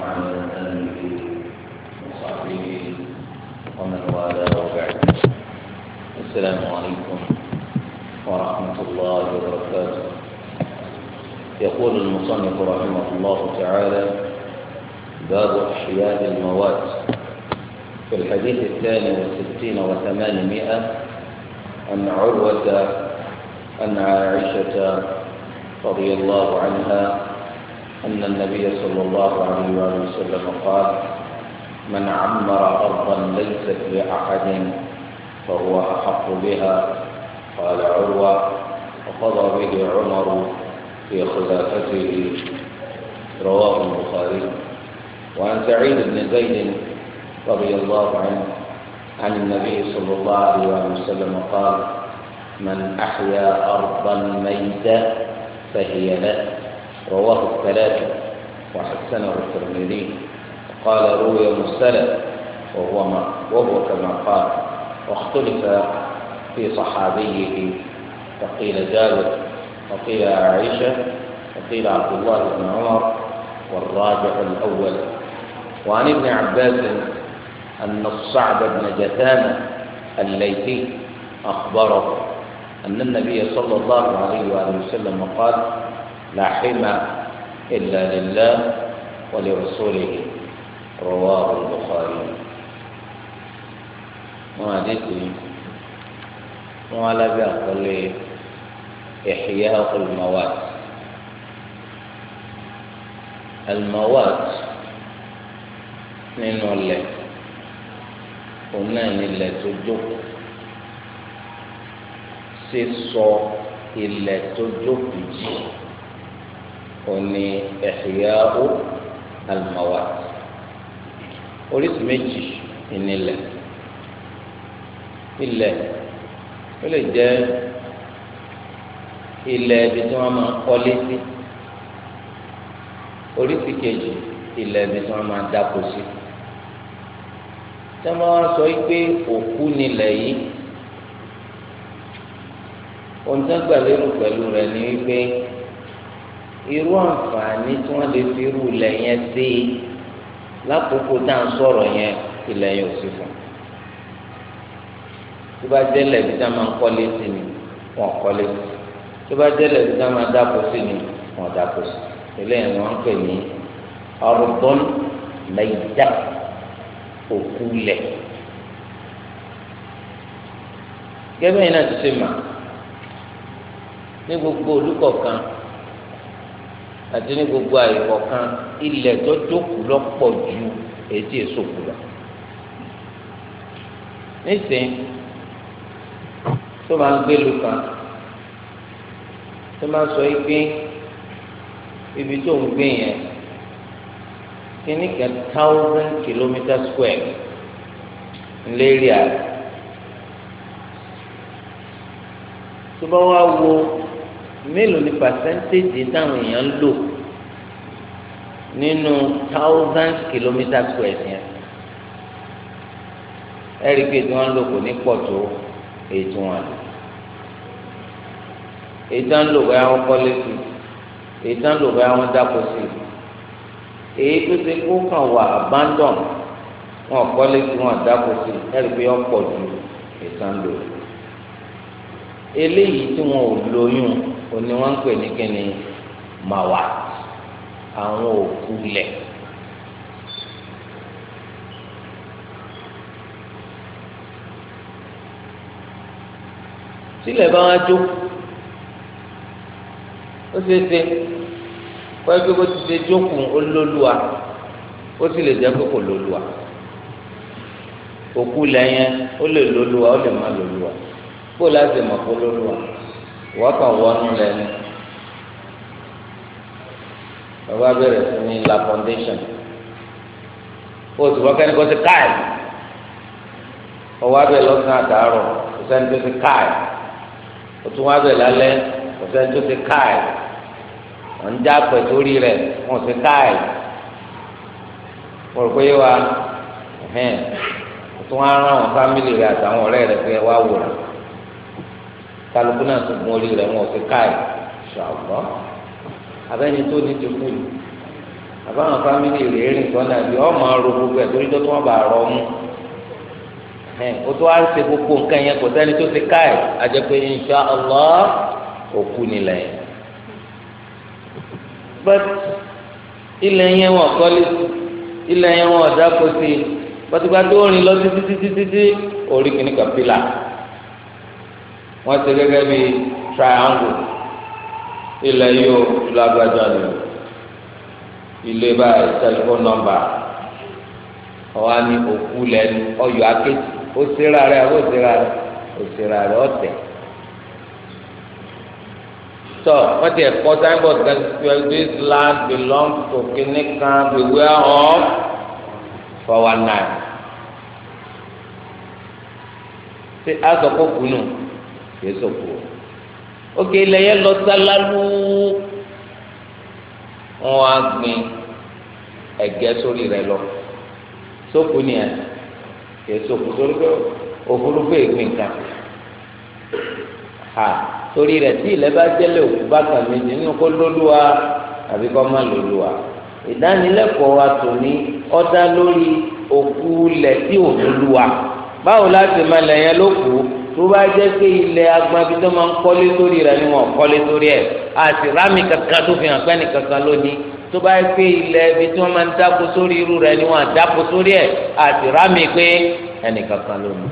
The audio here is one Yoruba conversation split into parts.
وعلى آله وصحبه ومن والاه وبعد السلام عليكم ورحمة الله وبركاته يقول المصنف رحمه الله تعالى باب أحياء الموات في الحديث الثاني والستين وثمانمائة أن عروة أن عائشة رضي الله عنها أن النبي صلى الله عليه وآله وسلم قال من عمر أرضا ليست لأحد فهو أحق بها قال عروة وقضى به عمر في خلافته رواه البخاري وعن سعيد بن زيد رضي الله عنه عن النبي صلى الله عليه وسلم قال من أحيا أرضا ميتة فهي له رواه الثلاثة وحسنه الترمذي قال روي مرسلا وهو ما وهو كما قال واختلف في صحابيه فقيل جابر وقيل عائشة وقيل عبد الله بن عمر والراجح الأول وعن ابن عباس أن الصعب بن جثامة الليثي أخبره أن النبي صلى الله عليه وآله وسلم قال لا حمى إلا لله ولرسوله رواه البخاري wọn àdéhùn wọn alábẹ àkọlé ìhìyà olùmọwàt olùmọwàt nínú ọlẹ òun náà nílẹ̀ tó jókòó sísọ ilẹ̀ tó jókòó jì òní ẹ̀hìyáwó àlùmọ̀wá oríṣi méjì ìnílẹ̀ ilẹ̀ ó lè jẹ́ ilẹ̀ ibi tí wọ́n máa kọ́lé sí oríṣi kejì ilẹ̀ ibi tí wọ́n máa dáko sí tí wọ́n sọ pé òkú nílẹ̀ yìí ohun tí wọ́n gbà lérò pẹ̀lú rẹ̀ ni wípé irú àǹfààní tí wọ́n lè fi irú ilẹ̀ yẹn dé lákòókò tá à ń sọ̀rọ̀ yẹn ilẹ̀ yẹn ò sí fún tó bá jẹ́lẹ̀ bí tá a máa ń kọ́lé sí ni wọ́n kọ́lé sí tó bá jẹ́lẹ̀ bí tá a máa dáko sí ni wọ́n dáko sí eléyìí ni wọ́n ń pè ní ọ̀rùbọ́n mẹ́yìdá òkú lẹ̀ gẹ́gẹ́ bẹ́ẹ̀ náà ti ṣe mà ní gbogbo olùkọ̀ọ̀kan àti ní gbogbo àyẹ̀wò kan ilẹ̀ tó jókòó lọ́pọ̀ ju ètí èsòkù lọ. nísìnyí tó máa ń gbé lu kan tó máa sọ pé ibi tó ń gbé yẹn kíní kan thousand kilometre square lérí àrẹ tó bá wá wo mélòó ni pàṣẹ́ntéèjì táwọn èèyàn ń lò nínú thousand kilometer square yẹn ẹ̀rí pé tí wọ́n lò kò ní pọ̀ tó èyí tí wọ́n lò èyí tí wọ́n lò báyà wọ́n kọ́lé sí èyí tí wọ́n lò báyà wọ́n dáko sí èyí tó ti kó kàn wà abandon wọn kọ́lé sí wọn dáko sí ẹ̀rí pé wọ́n pọ̀ ju èyí tí lò eléyìí tí wọn ò lóyún. Oni wọn ń pè ní kíni màwà àwọn òkú lẹ̀. sílẹ̀ bá wọn jó ó ṣe ṣe pẹ́ẹ́bí kó ti ṣe jókòó olólùwà ó sì lè jẹ́ pé kò lólùwà òkú lẹ́yìn ó lè lólùwà ó lè má lólùwà kó láti mọ̀ kó lólùwà wọ́kàn wọnú lẹ́nu bàbá bẹ̀rẹ̀ sí ní la foundation ó sì wọ́n kẹ́ni kó ti káì ọwọ́ abẹ́ lọ́sàn-án àtàárọ̀ kò sẹ́ni tó ti káì ó tún wọ́n abẹ́ lálẹ́ kò sẹ́ni tó ti káì wọ́n ń já pẹ̀ sórí rẹ̀ wọ́n ti káì wọ́n rò pé wa ó tún wọ́n rán àwọn fámìlì rẹ̀ àtàwọn ọ̀rẹ́ rẹ̀ pé wá wò rẹ̀ kálukú náà tó gun orí rẹ̀ wọn ò fi káyì ṣàbọ̀ abẹ́ni tó ní ti kú yìí àbáwọn fámìlì rẹ̀ rìn kan dàbí ọmọ aró gbogbo ẹ̀ torí tó tó wọn bá rọ mú o tó wá ṣe gbogbo nǹkan yẹn kò sẹ́ni tó ti káyì àjẹpẹ́ insha Allah òkú nílẹ̀ yẹn but ilẹ̀ yẹn wọn kọ́lé ilẹ̀ yẹn wọn ọ̀dà kò sí pàtùkà tó rìn lọ títí títí títí orí kìnnìkan pílà wọ́n ṣe gẹ́gẹ́ bí triangle ilẹ̀ yóò lágbájá ni ilé báyìí tẹlifóònù nọ́mbà ọ̀wá ní òkú lẹ́nu ọ̀yọ́ akéjì ó ṣera rẹ̀ ó ṣera rẹ̀ ó ṣera rẹ̀ ọ̀tẹ̀ tọ wọ́n ti ẹ̀kọ́ signboard kan ṣe this land belong to kìnìkan beware of four one nine ṣe àzọ̀kọ̀ kùnú kìí sòkò òkè ilẹ̀ yẹn lọ sálálú wọn á gbin ẹ̀gẹ́ sórí rẹ̀ lọ sókù nìyẹn kìí sòkò sórí pé òfurufú ègbìn kan ha torí rẹ̀ tí ilẹ̀ bá jẹ́lẹ̀ òkú bákan méjì nínú kó lóluwa àbí kó má lóluwa ìdánilẹ́kọ̀ọ́ wa tò ní ọ̀dá lórí òkú lẹ̀ tí ò lóluwa báwo láti máa lẹ̀ yẹn lókùú tó bá jẹ́ pé ilẹ̀ agbanbi tó máa ń kọ́lé sórí rẹ̀ ni wọ́n kọ́lé sórí ẹ̀ àti rámì kankan tó fi hàn pẹ́ nìkankan lónìí tó bá yẹ pé ilẹ̀ ibi tí wọ́n máa ń dáko sórí irú rẹ̀ ni wọ́n á dáko sórí ẹ̀ àti rámì pé ẹnìkankan lónìí.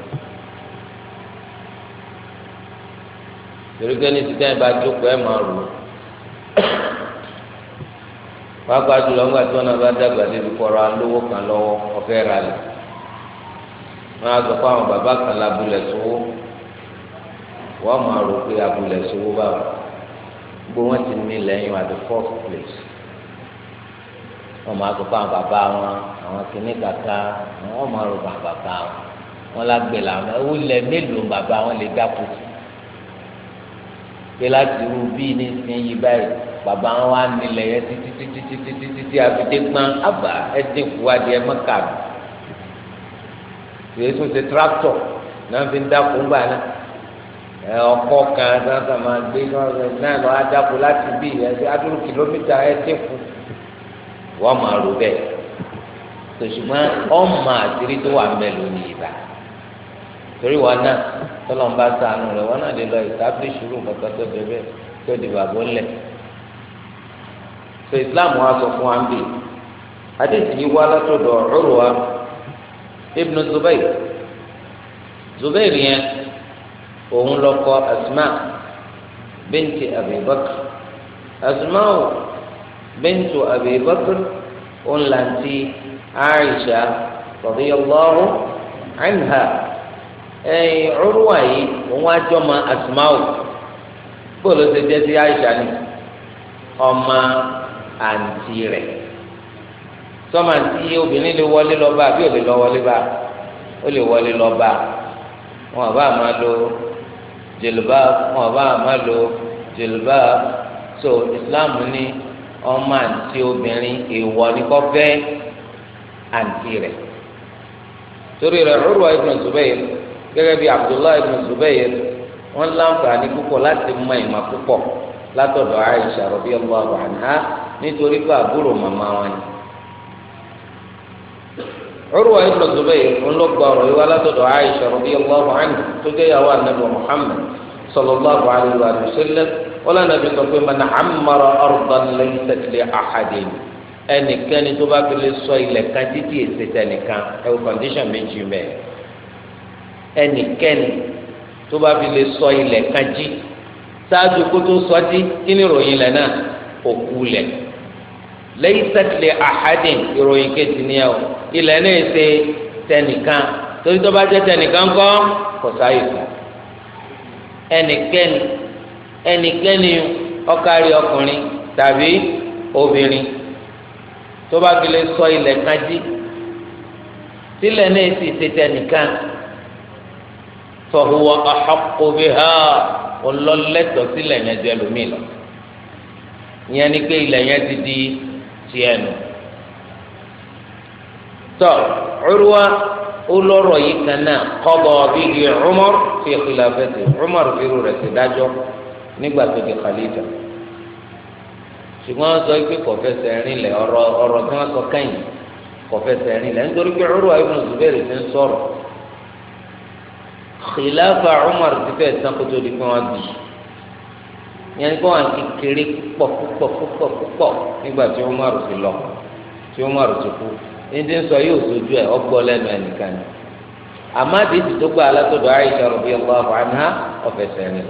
torípé ní ti dáhùn bá jókòó ẹ̀ máa rò ó wọ́n á gbájú lọ tí wọ́n náà bá dàgbà débi kọ́ra lówó kan lọ́wọ́ ọ̀fẹ́ rà lẹ̀ wọ́n á sọ fún àwọn bàbá kan lábúlẹ̀ sówó wọ́n máa rò pé abúlé ṣòwò bá wọn gbogbo wọn ti ní lẹ́yìn at the fourth place wọ́n máa kó fáwọn bàbá wọn àwọn kìnnì kàkà wọ́n máa rò fáwọn bàbá wọn wọ́n lágbè làwọn ẹ̀wọ́ lẹ̀ mélòó bàbá wọn lè dákú pé láti irú bíi ní ìsinyìí báyìí bàbá wọn wá nílẹ̀ yẹn títí títí títí títí tí abidé gbọ́n àbá ẹ̀dín kú adìẹ mọ́kà rẹ̀ èyí tractor náà fi ń dákú ńgbà náà. ọkọ kan sáńsà máa gbé náà lọ adáko láti bí ẹsẹ adúrú kìlómítà ẹtí fún wọn máa rò bẹ́ẹ̀ tòṣùgbọ́n ọmọ àtìrí tó wà mẹlò ní ìgbà torí wọn náà tọlọm sànù rẹ wọn náà lè lọ ìtàbílíṣì rúùmù kankan tó tó di bàbá tó islam wa sọ fún wa ń adéjì yìí wá látọ̀dọ̀ ibnu Zubair Zubair òun lọkọ asma bẹ́ntì abibakr asma o bẹ́ntì abibakr òun làǹtí aisha radiyallahu anha ẹ̀yìn ọ̀rùwà yìí òun àjọ ma asma o bóòlù ṣe sí aisha ni ọma àǹtí rẹ̀ sọ́mà tí obìnrin lè wọlé lọ́ba àbí ò lọ wọlé bá ó lè wọlé lọ́ba wọn àbá máa lo. jilbab wọn bá má lo jilbab so islam ní ọmọ àǹtí obìnrin èèwọ̀ ní kò fẹ́ àǹtí rẹ̀ torí rẹ̀ Urwa ibn Zubayr gẹ́gẹ́ bí Abdullah ibn Zubayr wọn láǹfààní púpọ̀ láti mọ ìmọ̀ púpọ̀ látọ̀dọ̀ Aisha radiyallahu anha nítorí pé àbúrò màmá wọn ni. Urwa ibn Zubayr ńlọgbà ọ̀rọ̀ yìí wá látọ̀dọ̀ Aisha radiyallahu anha tó jẹ́ ìyàwó anabi Muhammad sallallahu alayhi wa sallam wọ́n nàbí sọ pé man ammara ardan laysat li ahadin ẹnikẹ́ni tó bá fi lè sọ ilẹ̀ kan títí èsì tẹnìkan ẹ̀wù kọ́ndíṣàn méjì mẹ́ ẹnikẹ́ni tó bá fi lè sọ ilẹ̀ kan jí ṣáájú kó tó sọ jí kí ni ìròyìn lẹ̀ náà òkú lẹ̀ laysat li ahadin ìròyìn kejì ni ẹ o ilẹ̀ náà ṣe tẹnìkan torí tó bá jẹ́ tẹnìkan kọ́ kò sáyè kan ẹnikẹ́ni ẹnikẹ́ni ọkàrí ọkùnrin tàbí obìnrin tó bá fi lè sọ ilẹ̀ kan jí sílẹ̀ náà sì ṣe tẹnìkan fahuwa ahaqqu biha ọlọ́lẹ́tọ̀ sílẹ̀ yẹn jẹ́ lómi lọ ìyẹn ni pé ilẹ̀ yẹn ti di tiẹ̀ nù. tọ́ Urwa olóró yìí kan náà kọ́bọ̀ bíi Umar fi khilafati Umar fi rú rẹ̀ sí dájọ́ nígbà tó di khalifa ṣùgbọ́n sọ pé kò fẹsẹ̀ rìn lẹ̀ ọ̀rọ̀ ọ̀rọ̀ tí wọ́n sọ kẹ́yìn kò fẹsẹ̀ rìn lẹ̀ nítorí pé Urwa ibn Zubair ti ń sọ̀rọ̀ khilafa Umar ti fẹ́ sankoto di pé wọ́n bì ìyẹn kó wọn kékeré púpọ̀ púpọ̀ púpọ̀ púpọ̀ nígbà tí Umaru ti lọ tí Umaru ti kú níbi ń sọ yóò sojú ẹ ọgbọ lẹ́nu ẹnìkan ni àmọ́ àdéhùn tó gba alátọ̀dọ̀ Aisha radiyallahu anha ọ̀fẹ́ sẹ́rin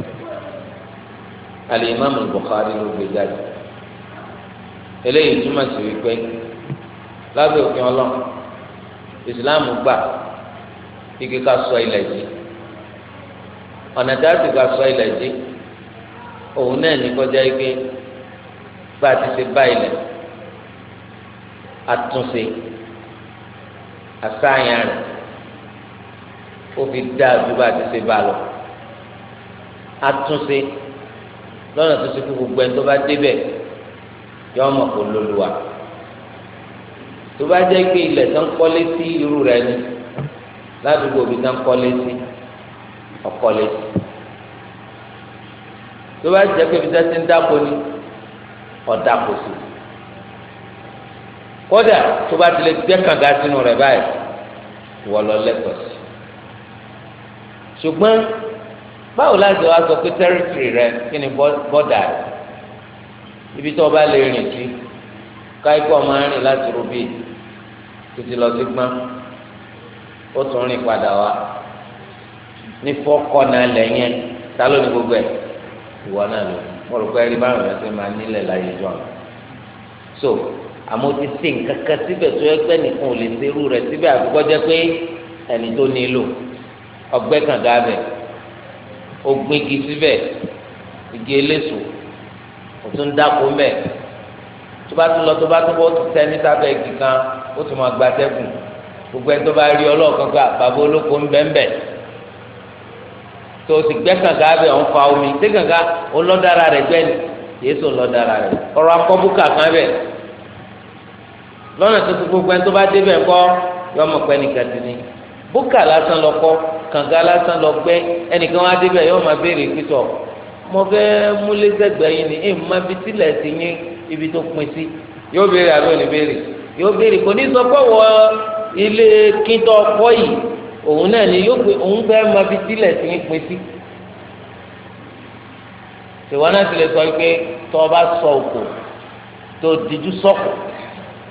al-Imam Bukhari ló gbé jáde eléyìí túmọ̀ sí wípé lábẹ́ òfin ọlọ́run Islam gbà kíkẹ́ ká sọ ilẹ̀ yìí ọ̀nà dáàbì ká sọ ilẹ̀ yìí òun náà ní kọjá ike gba ti ṣe bá ilẹ̀ àtúnṣe àṣàyàn rẹ̀ ó fi dá ju bá ti ṣe bá lọ àtúnṣe lọ́nà tó ṣe kú gbogbo ẹni tó bá débẹ̀ yọ ọmọ kò lóluwà tó bá jẹ́ pé ilẹ̀ tó ń kọ́lé sí irú rẹ̀ ni ládùúgbò bí tó ń kọ́lé sí ọ̀kọ́lé sí tó bá jẹ́ pé bisá ti ń dáko ni ọ̀dà kò sí kódà tó bá ti lè gbẹ́ kànga sínú rẹ̀ báyìí wọ́n lọ lẹ́kọ̀ọ́ sí ṣùgbọ́n báwo láti wá sọ pé tẹ́rìtìrì rẹ kí ni bọ́dà rẹ ibi tó o bá lè rìn sí káíkọ́ máa ń rìn láti rúbí títí lọ sí gbọ́n ó tún rìn padà wá ní fọ́kọ́ náà lẹ́yìn ta ló ní gbogbo ẹ̀ ìwọ náà lò mo rò pé ẹrí báwọn ẹsẹ máa nílẹ̀ láyé jọ àná so àmọ́ ti ṣe nǹkan kan síbẹ̀ tó ẹgbẹ́ nìkan ò lè ṣe irú rẹ̀ síbẹ̀ àgbọ́ jẹ́ pé ẹni tó nílò ọgbẹ́ kànga bẹ̀ ó gbégi síbẹ̀ igi eléso ó tún dáko mẹ́ tó bá tún lọ tó bá tún bọ́ tó tẹ́ níta bẹ́ẹ̀ igi ó tún máa gba tẹ́gùn gbogbo ẹni tó bá rí ọlọ́ọ̀kan gba bàbá olóko ń bẹ́ẹ̀ bẹ́ẹ̀ tó o sì gbẹ́ kànga abẹ́ ọ̀hún fa omi tí kànga ọlọ́dàra rẹ̀ gbẹ́ ni yéésù ọlọ́dàra rẹ̀ ọ̀rọ̀ akọ́bùkà kan bẹ̀ lọ́nà tó ti gbogbo ẹni tó bá débẹ̀ kọ́ yọ ọmọ pẹ́ nìkan ti ni bùkà lásán lọ kọ́ kànga lásán lọ gbẹ́ ẹnìkan wá débẹ̀ yọ ọmọ béèrè pítọ̀ mo fẹ́ múlẹ̀ sẹ́gbẹ̀ẹ́ yìí ni ẹ̀ má bi tilẹ̀ sí yín ibi tó pin sí yóò béèrè àbí òní béèrè yóò béèrè kò ní sọ pé wọ ilé kíntọ́ ọkọ yìí òun náà ni yóò pe òun fẹ́ máa fi sílẹ̀ sí pé sí ìwọ náà ti lè sọ pé tó o bá sọ òkò tó dijú sọ̀kò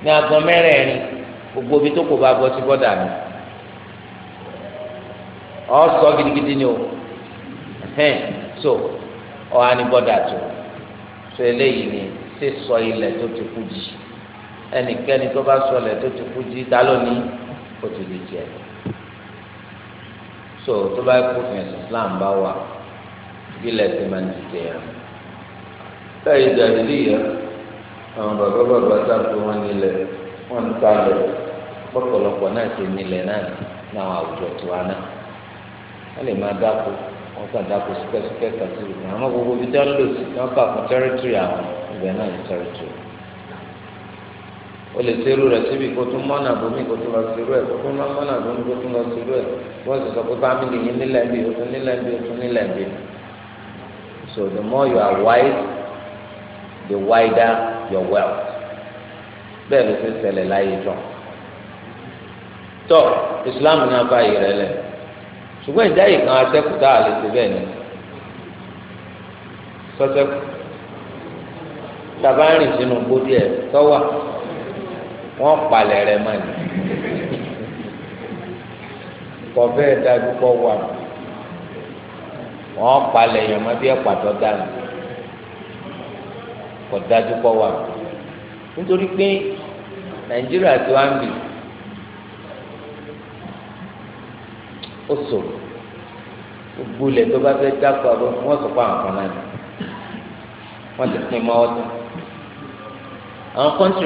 ní agbọn mẹ́rẹ̀ẹ̀rin gbogbo ibi tó kò bá bọ́ sí bọ́dà mi ọ sọ gidigidi ni o ẹhẹn so ọ á ní bọ́dà tó so eléyìí ni sísọ ilẹ̀ tó ti kú jì ẹnikẹ́ni tó bá sọ ilẹ̀ tó ti kú jì dá lónìí ó ti lè jẹ́ ẹ̀. so tó bá kó fún islam bá wà bí lẹsẹ máa ń tètè yà láyé dàbílì yá àwọn bàbá bàbá sáfù wọn nílẹ̀ wọn ta lọ pọ̀pọ̀lọpọ̀ náà ti nílẹ̀ náà náà àwùjọ tiwa náà wọn lè máa dáko wọn kàn dáko kàtúrù àwọn gbogbo bíi o lè serú rẹ síbi kó tún mọ́nà bómi kó tún lọ serú ẹ̀ kó tún lọ mọ́nà bómi kó tún lọ serú ẹ̀ wọ́n sì sọ pé fámìlì yín nílẹ̀ bí o tún nílẹ̀ bí o tún nílẹ̀ bí. So the more you are wise, the wider your wealth. bẹ́ẹ̀ ló ti ṣẹlẹ̀ láyé jọ. tọ́ ìsìláàmù náà bá yìí rẹ lẹ̀ ṣùgbọ́n ìjà yìí kan atẹ́kù tá a bẹ́ẹ̀ ni sọ́tẹ́kù tàbá rìn sínú gbó tọ́wà. So, wọn palẹ̀ rẹ̀ mọ́ ni wà wọ́n yẹn mọ́ bí ẹ̀pàtọ́ dànù kọ́ dájú wà nítorí pé nàìjíríà tó wá ń ó sòrò gbogbo ilẹ̀ tó bá fẹ́ dáko àbọ̀ wọ́n sọ fún àwọn kan náà wọ́n ti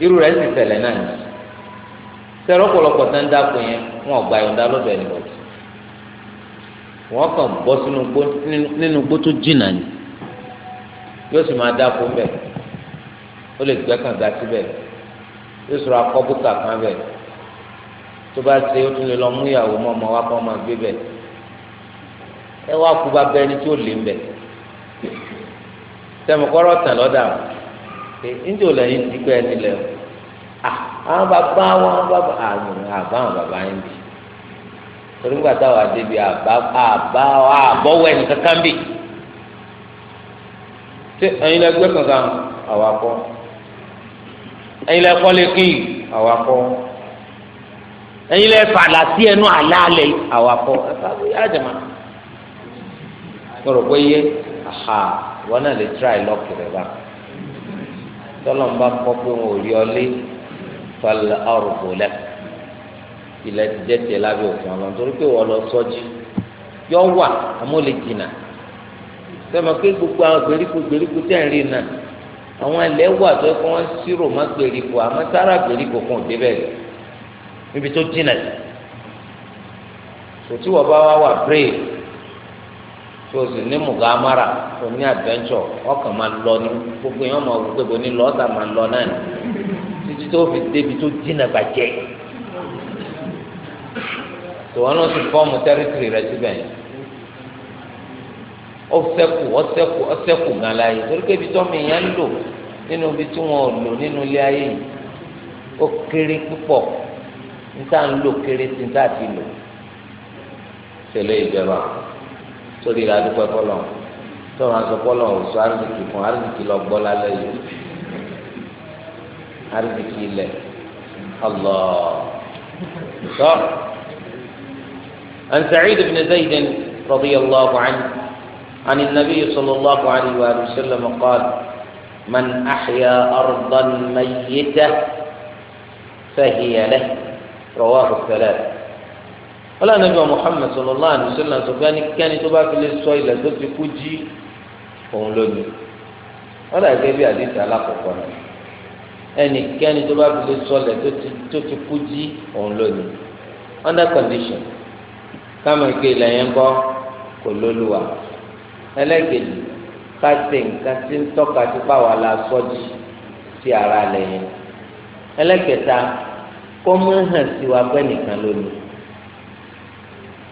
irú rẹ̀ sì ṣẹlẹ̀ náà ni sẹrọ ọ̀pọ̀lọpọ̀ tá dáko yẹn wọn ò gba ìyọ̀ǹda lọ́dọ̀ ẹni bọdù wọn kàn bọ́ sínú gbó nínú gbó tó jìnnà ni yóò sì máa dáko kan bẹ tó bá ṣe ó tún lè lọ mú ìyàwó mọ ọmọ wa kọ ọmọ gbé bẹ àwọn bàbá wọn bàbá àwọn àbá àwọn bàbá yín bì torí nígbà táwọn àdébí àbá àbá àbọ̀wọ̀ ẹni kankan bì ṣé ẹ̀yin lẹ gbé kankan àwọn akọ ẹ̀yin lẹ kọ́lé kí àwọn akọ ẹ̀yin lẹ fàlà sí ẹnu àlàálẹ àwọn akọ ẹ fà á jẹmọ kọrọ pé yé aha wọn náà lè tíra ẹ lọkìrẹ bá tọlọmọba kọ pé wọn ò rí ọ lé. fal ardu ti jẹ́ tiẹ̀ òfin ọlọ́run torí pé lọ sọ́jí yọ wà àmọ́ lè jìnnà pé gbogbo àwọn gbèríko gbèríko tẹ̀ ń rí náà àwọn ilẹ̀ wà tó kọ́ wọ́n sírò má gbèríko àmọ́ sára gbèríko kan ò débẹ̀ rẹ̀ níbi tó jìnnà sí òtí wọ́n bá wà o sì ní adventure ọkàn máa lọ ní gbogbo yẹn máa títí tó fi débi tó dínà bàjẹ́ tòun náà ti fọ́ọ̀mù tẹ́rìtìrì rẹ síbẹ̀ yẹn ọsẹkù ọsẹkù ọsẹkù gan la yìí torí pé ibi tó mi yẹn ń lò nínú ibi tí wọn ò lò nínú ilé ayé yìí ó kéré púpọ̀ níta ń lò kéré sí níta ti lò tẹ́lẹ̀ ìjọba torí ìlànà pẹpọlọ tó wọn sọ pọlọ òṣù àrùn kìkan àrùn kìlọ gbọ lálẹ́ yìí. قلبك لله الله صح عن سعيد بن زيد رضي الله عنه عن النبي صلى الله عليه واله وسلم قال من احيا ارضا ميته فهي له رواه الثلاثه ولا نبي محمد صلى الله عليه وسلم سبحان كان تبارك للسويل لذلك فجي ولا كيف يحدث على قرآن ẹnikẹ́ni tó bá fi lè sọlẹ̀ tó ti kú jí òun lónìí under condition káma ike ilẹ̀ kọ́ kò lóluwà ẹlẹ́gẹ̀dì ká nǹkan tí ń tọ́ka tí la sí ara lẹ̀ yẹn kọ́ mọ́ hàn sí wa pẹ́ nìkan lónìí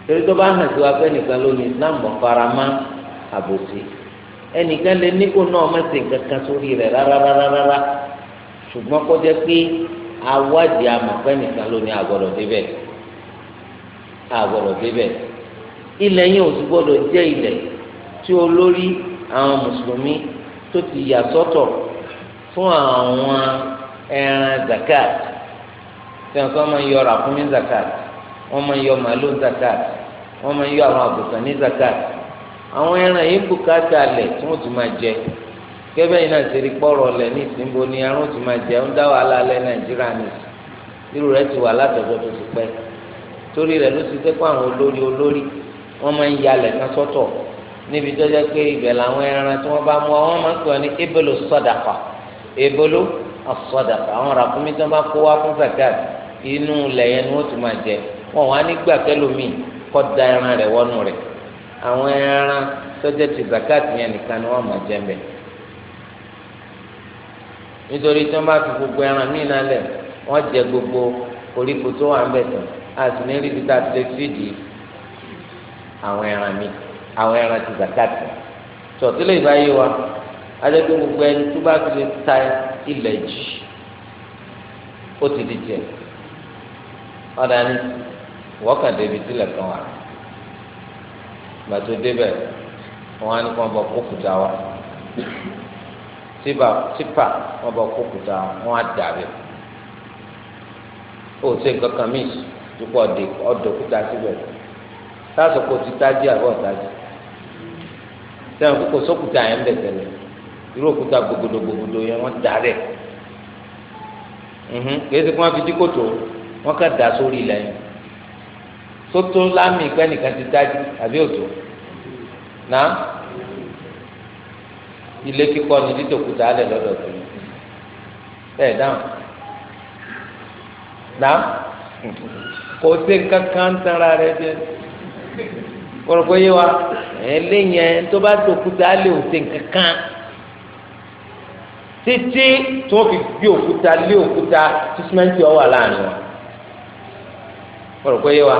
torí tó bá hàn sí wa pẹ́ nìkan lónìí mọ̀ àbòsí lè ní kó ṣùgbọ́n kó jẹ́ pé awádìí amọ̀pẹ́ nìkan ló ní àgọ́dọ̀ débẹ̀ àgọ́dọ̀ débẹ̀ ilẹ̀ yẹn ò sì gbọ́dọ̀ jẹ́ ilẹ̀ tí olórí àwọn mùsùlùmí tó ti yà sọ́tọ̀ fún àwọn ẹran zakat tí wọn kọ́ máa ń yọ ràkúnmí zakat wọ́n máa ń yọ màálù zakat wọ́n máa ń yọ àwọn àgùntàn ní zakat àwọn ẹran yìí bùkátà lẹ̀ tí wọ́n ti máa jẹ kẹ́bẹ́ yìí náà ṣe rí pọ́rọ̀ lẹ̀ ní ìsìnbó ni àrùn ti máa jẹ́ ń dá wàhálà alẹ́ nàìjíríà ni irú rẹ̀ ti wà látọ̀jọ́ tó ti pẹ́ torí rẹ̀ ló ti jẹ́ pé àwọn olórí olórí wọ́n máa ń yalẹ̀ kan sọ́tọ̀ níbi tó jẹ́ pé ibẹ̀ làwọn ẹran tí wọ́n bá mú wa máa ń pè wọ́n ní ebolo sọ́dàpà ebolo sọ́dàpà àwọn ràkúnmí tí wọ́n bá kó wá fún zakat inú ilẹ̀ yẹn ni wọ́n ti máa jẹ wọn wá nígbà kẹlòmíì kọ́ da ẹran rẹ̀ wọnú rẹ̀ àwọn ẹran tó jẹ́ ti zakat yẹn nìkan ni wọ́n máa jẹ bẹ́ẹ̀ nítorí tí wọ́n bá fi gbogbo ẹran míì náà lẹ̀ wọ́n jẹ gbogbo koríko tó wà ń bẹ̀ tán àti ní rí bíta ti lè fìdí àwọn ẹran míì àwọn ẹran ti zakati tọ̀tílẹ̀ ìbáyé wa adẹ́gbẹ́ gbogbo ẹni tó bá fi ta ilẹ̀ jì ó ti di jẹ ọ̀dà ni wọ́kàn débi tilẹ̀ kan wà gbàtó débẹ̀ wọ́n á ní kó bọ̀ kó kùtà wa tíba típa wọn bá kó kuta wọn á dàbẹ o ṣe nǹkan kan mí dúpọ̀ ọ̀dẹ ọ̀dọ̀ kúta síbẹ̀ láàṣọ kó ti tájí àbọ̀ tájí sẹ́wọ̀n kókò sókùtà yẹn ń bẹ̀ tẹ̀lé irú òkúta gbogbodò gbogbodò yẹn wọ́n dàrẹ̀ kìí ṣe kí wọ́n fi dí kòtò wọ́n kà dà sórí ilẹ̀ yẹn sótó lámì ìpẹ́ nìkan ti tájí àbí òtò náà ilé kíkọ́ ni dídòkúta alẹ lọ́dọ̀ tó yìí bẹ́ẹ̀ dáhùn náà kò sí nǹkan kan tara rẹ jẹ kọlọpọ yé wa ẹlẹ́yìn tó bá dòkúta alẹ ò sí nǹkan kan títí tó fi gbé òkúta lé òkúta tí símẹ́ǹtì ọ̀wà láàrin wa kọlọpọ yé wa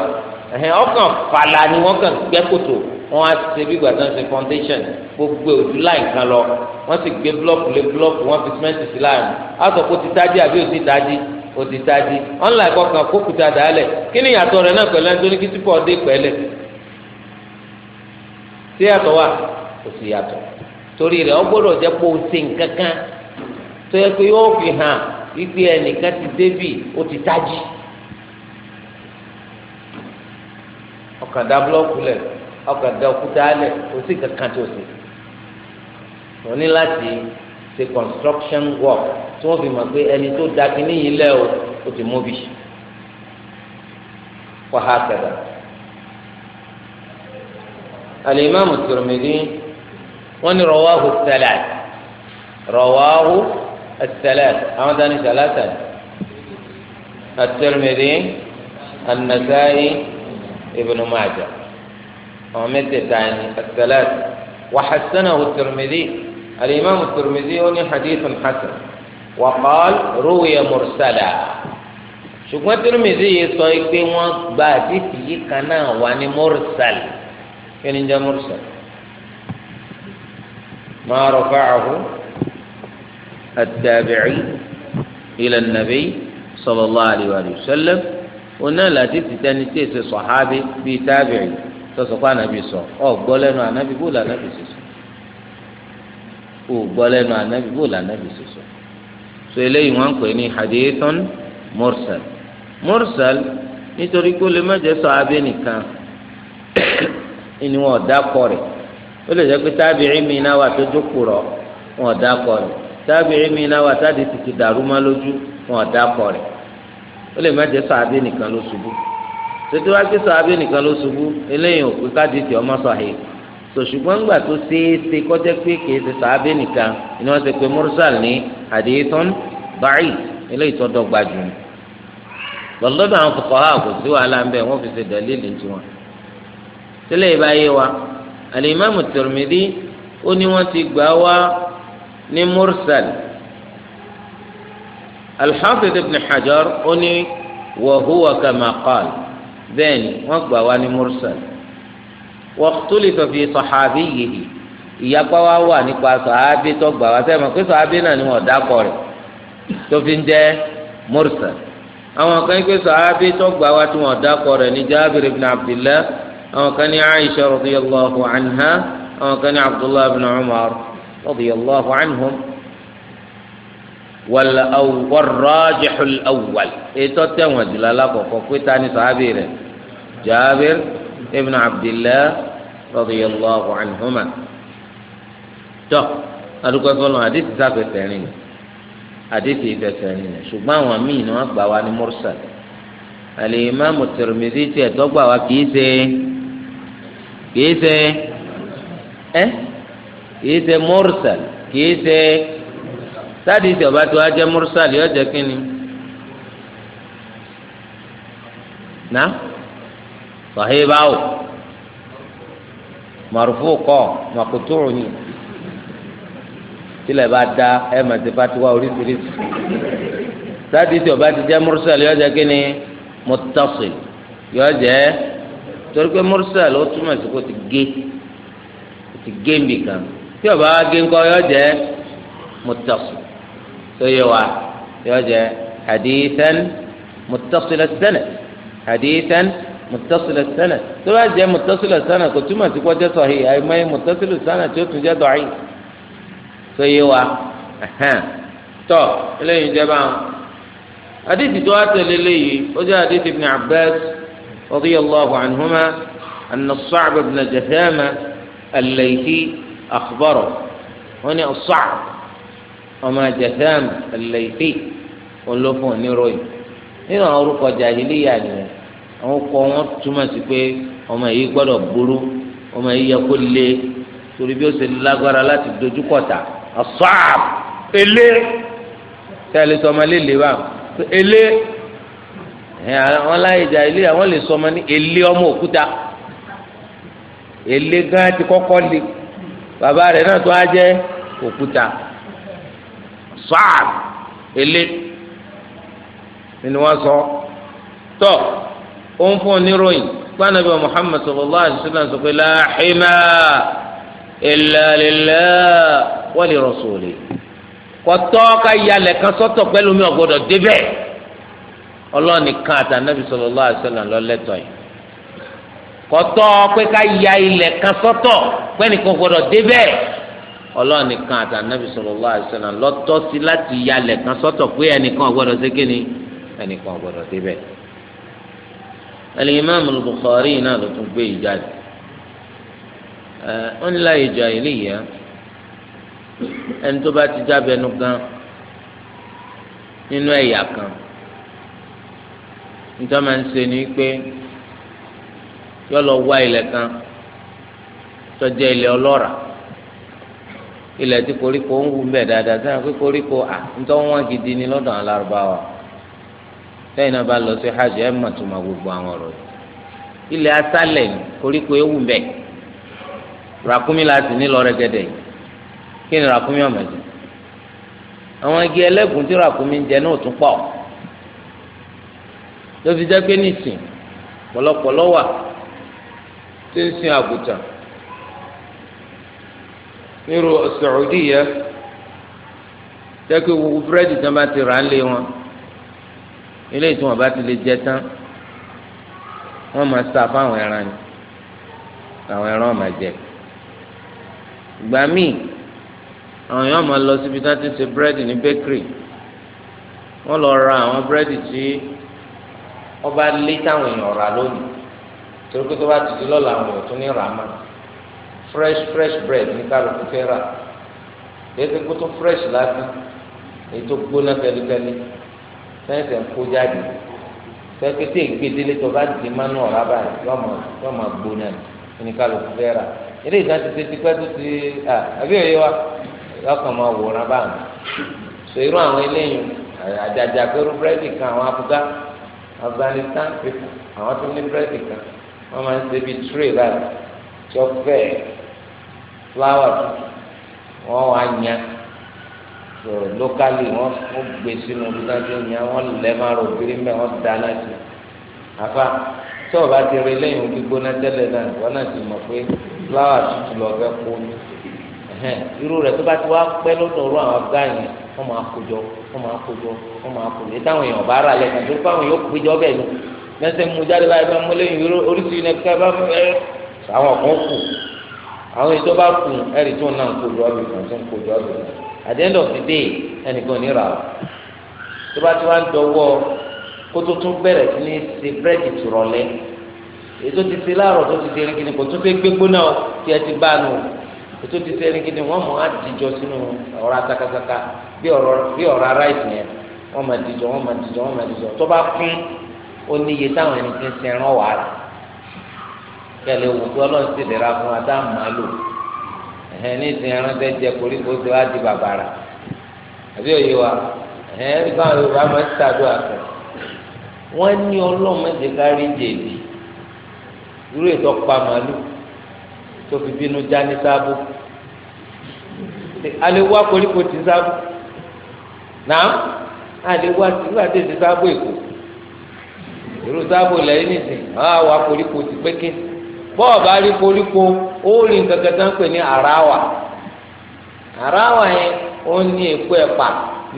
ọkàn fàlà ni wọ́n kàn gbẹ́ kòtò. wọn á ṣe bí gbàtà ṣe foundation gbogbo ojú láì kan lọ wọn sì gbé blọọkù lé blọọkù wọn fi sìmẹ́ǹtì sí láàrin àtọ kó ti tájí àbí òsì tájí òsì tájí ọ̀nlá ẹ̀kọ́ kókùtà dàálẹ̀ kí ni ìyàtọ̀ rẹ̀ náà pẹ̀lú ẹni tó ní kí pẹ̀lẹ̀ sí wa kò sí yàtọ̀ torí rẹ̀ ọ gbọ́dọ̀ jẹ́ pé o ṣe nǹkan kan tó yẹ pé yóò fi hàn wípé ẹnìkan ti débì ó ti tájí ọkàn da òkúta alẹ̀ kò sí kankan tó ṣe wọ́n ní láti ṣe construction work tí wọ́n fi mọ̀ pé ẹni tó da kínní yìí lẹ́ o ó ti mú bí wàhálà kẹta. الإمام الترمذي وأن رواه الثلاث رواه الثلاث أما ثاني ثلاثة الترمذي النسائي ابن ماجه àwọn mẹ́tẹ̀ẹ̀ta ẹni àtẹlẹsì وحسنه الترمذي الإمام الترمذي حديث حسن وقال روي مرسلا ṣùgbọ́n Tirmidhi yìí sọ pé wọ́n gba àdìsí yìí kan náà wà ní mursal kí ni jẹ́ mursal ma rafa'ahu at-tabi'i ila an-nabi sallallahu alayhi wa sallam onáà làdìsí tẹni tí èsè sọ̀hábì bíi tábìrì. sọsọ pé ànábì sọ ọ gbọ́ lẹ́nu ànábì bó la ànábì sọ ọ gbọ́ lẹ́nu ànábì bó la ànábì sọ so eléyìí wọ́n ń pè ní hadithun mursal mursal nítorí pé ó lè má jẹ́ sọ abẹ́ nìkan ni wọ́n dá kọ rẹ̀ ó lè jẹ́ pé tábìrì mi náà wà tó jókòó rọ wọ́n dá kọ rẹ̀ tábìrì mi náà wà táàdì tìtì dàrú má lójú wọ́n dá kọ rẹ̀ ó lè má jẹ́ sọ abẹ́ nìkan ló ṣubú tètè wá kí sàábé nìkan ló ṣubú eléyìí ò pé kádìtì ọmọ sọ̀hìn sọ ṣùgbọ́n ńgbà tó ṣeéṣe kọjá pé kìí ṣe sàábé nìkan ni wọ́n ṣe pé mursal ní hadithun ba'id eléyìí tó dọ́gba jù lọ́dọ̀ àwọn fuqaha kò sí wàhálà ń bẹ̀ wọ́n fi ṣe dàlílì tiwọn. tẹ́lẹ̀ ìbáyé wa alimami Tirmidhi ó ní wọ́n ti gbà wá ní mursal al ibn Hajar ó ní wa huwa kama bẹ́ẹ̀ ni wọ́n gbà wá ní mursal waqtulifa fi sahabiyyihi ìyapa wa wà nípa sàábì tó gbà wá sẹ́yìn mọ̀ pé sàábì náà ni wọ́n dákọ̀ rẹ̀ tó fi ń jẹ́ mursal àwọn kan pé sàábì tó gbà wá tí wọ́n dákọ̀ rẹ̀ ní Jabir ibn Abdillah àwọn kan ní Aisha radiyallahu anha àwọn kan ní Abdullah ibn Umar radiyallahu anhum wàlrájìḥul awwal ètò tẹ̀wọ̀n jùlọ alákọ̀ọ́kọ́ pé ta ni sàábì rẹ̀ jaabir ibn abdillah radiyallahu anhuma tọ́ adúgbò ẹ̀fọ́ náà àdìsí sáfẹ̀fẹ̀ rìn àdìsí ìfẹ̀fẹ̀ rìn ṣùgbọ́n àwọn míì ni wọ́n gbà wá ní mursal alimami Tirmidhi tiẹ̀ dọ́gba wa kìí ṣe kìí ṣe ẹ́ kìí ṣe mursal kìí ṣe táàdì tí ọba tí wàá jẹ mursal yóò jẹ kí ni na sahih báwo marufu kọ makutu ni tilẹ̀ bá da ẹ̀ mà ti fatiwa oríṣiríṣi táàdì tí ọba ti jẹ mursal yóò jẹ kí ni muttasil yóò jẹ torí pé mursal ó túmọ̀ sí kó ti gé ti gé nbìkan tí ọba gé ńkọ yóò jẹ tó yẹ wa yóò jẹ hadithan mutasil sanad hadithan mutasil sanad tó bá jẹ mutasil sanad kò túmọ̀ sí kọjá sahih àìmọye mutasil sanad tó tún jẹ da'if tó yẹ wa tọ eléyìí jẹ báwọn hadithi tó wá tẹ̀lé léyìí ó jẹ́ hadithi ibn Abbas radiyallahu anhuma anna as-Sa'b ibn Jathama al-Laythi akhbaro wọn ni as-Sa'b ọmọ Jatham al-Laythi olófin oníròyìn nínú àwọn orúkọ jàhílíyà nìyẹn àwọn orúkọ wọn túmọ̀ sí pé ọmọ yìí gbọ́dọ̀ burú ọmọ yìí yẹ kó le torí bí ó ṣe lágbára láti dojúkọta asaab ele tẹ́lẹ̀ sọmọ lélẹ̀ wa ele àwọn láyé jàhílíyà wọ́n lè sọmọ ní ele ọmọ òkúta ele gan ti kọ́kọ́ le bàbá rẹ̀ náà tó á jẹ́ òkúta. sọ́ọ̀d èlé ni wọ́n sọ tọ́ ó ń muhammad sallallahu alayhi wa sallam sọ láàxìmá ìlàlílà wàlí kan sọ́tọ̀ mi ọlọ́ọ̀ni sallallahu alayhi wa sallam lọ́lẹ́tọ̀ yìí kọ́tọ́ pé ilẹ̀ ọlọ́run nìkan àti anabi sallallahu alaihi wasallam lọ́tọ́ sí láti yalẹ̀ kan sọ́tọ̀ pé ẹnìkan ọ̀gbọ́dọ̀ ṣe kí ni ẹnìkan ọ̀gbọ́dọ̀ débẹ̀. al-Imam al-Bukhari náà ló tún gbé ìjáde wọ́n ní láyé jahiliyya ẹni tó bá ti jábẹ́nu gan nínú ẹ̀yà kan nítorí máa ń ṣe ni pé yọ lọ wá ilẹ̀ kan tó ilẹ̀ ọlọ́ràá ilẹ̀ tí koríko ń wù mbẹ̀ dáadáa sẹ́yìn pé koríko à wọn gidi ni lọ́dọ̀ àwọn alárúbáwá sẹ́yìn náà bá lọ sí hajj ẹ̀ gbogbo àwọn ọ̀rọ̀ yìí ilẹ̀ asálẹ̀ koríko ewu mbẹ̀ rakumi la sì ní lọ́rẹ́gẹ́dẹ́ yìí kí ni igi ẹlẹ́gùn tí rakumi ń jẹ náà tún pọ̀ pé nìsín nírú Saudi yẹ jẹ́kẹ́ wo búrẹ́dì tán bá ti rà á lé wọn ilé ìtumọ̀ bá ti lè jẹ tán wọ́n máa sa fáwọn ẹran ni àwọn ẹran máa jẹ ìgbà míì àwọn èèyàn máa lọ síbi tá ti ṣe búrẹ́dì ní bẹ́kìrì wọ́n lọ ra àwọn búrẹ́dì tí wọ́n bá lé táwọn èèyàn rà lónìí torí pé tó bá ti di lọ́la àwọn èèyàn tún ní ràá máa fresh fresh bread ní kálukú fẹ́ rà kéèké kó fresh láti èyí tó gbóná fẹlifẹli fẹsẹ̀ ń kó jáde fẹ́kẹ́tẹ́ ìgbédélé tó bá di mánú ọ̀rá báyìí yọ máa gbóná ní kálukú fẹ́ rà ilé ìdáná ti ṣe tipẹ́ tó ti àbí òye wa lọ́kàn máa wòran báyìí so irú àwọn eléyìí àjàjà pẹ̀lú búrẹ́dì kan àwọn afúgá Afghanistan people àwọn tó ní búrẹ́dì kan wọ́n máa ń ṣe bíi tray láti tí Flower, wọn wà nyà so lókàlì wọn wọn gbé sínú olùdájọ nyà wọn lẹ má rò kiri mbẹ wọn dáná sí àfa tí ọba ti rí lẹ́yìn gbígbóná tẹ́lẹ̀ náà wọn náà ti mọ pé fúláwà tútù lọ fẹ kó irú rẹ̀ tó bá ti wá pẹ́ lọ́dọ̀ ọ̀rọ̀ àwọn ọgá yẹn wọ́n máa kójọ wọ́n máa kójọ wọ́n máa kójọ èyí táwọn èèyàn bá rà lẹ́yìn àti fáwọn èèyàn péjọ bẹ́ẹ̀ ni mẹsẹ̀ mú jáde báyìí bá mú lẹ́yìn oríṣi ní ẹ̀ka bá fẹ́ àwọn kan kù àwọn ètò bá kù ẹ̀rì tó náà ń kojú ọ̀bì kan tó ń kojú at the end of the day ẹnìkan ní ra tó bá ti wá ń dọwọ́ kó tó tún bẹ̀rẹ̀ sí ní ṣe ètò ti ṣe láàrọ̀ tó ti ṣe erigidi kò tún fẹ́ gbégbóná tí ẹ ti bá nù ètò ti ṣe erigidi wọ́n mọ̀ á dìjọ sínú ọ̀rọ̀ bí ọ̀rọ̀ ara wọ́n mọ̀ dìjọ wọ́n mọ̀ dìjọ wọ́n mọ̀ kẹlẹ wò tó Ọlọ́run sì dẹra fún wa tá a máa lò ẹhẹn ní ìsìn ẹran tẹ jẹ koríko tó a di bàbàrà àbí òye wa ẹhẹn rí báwọn Yorùbá máa ti tàdó àkọ wọn ní Ọlọ́run mẹsẹ kárí jèbi irú ètò pa màálù tó fi bínú já ní sábò alẹ wá koríko ti sábò náà alẹ wá sílùú àti ti sábò èkó irú sábò lẹ́yìn nìsín àwọn àwọn koríko ti pékè. bọ́ọ̀ bá rí koríko ó rí nǹkan tó ń pè ní àráwà àráwà yẹn ó ní èpo ẹ̀pà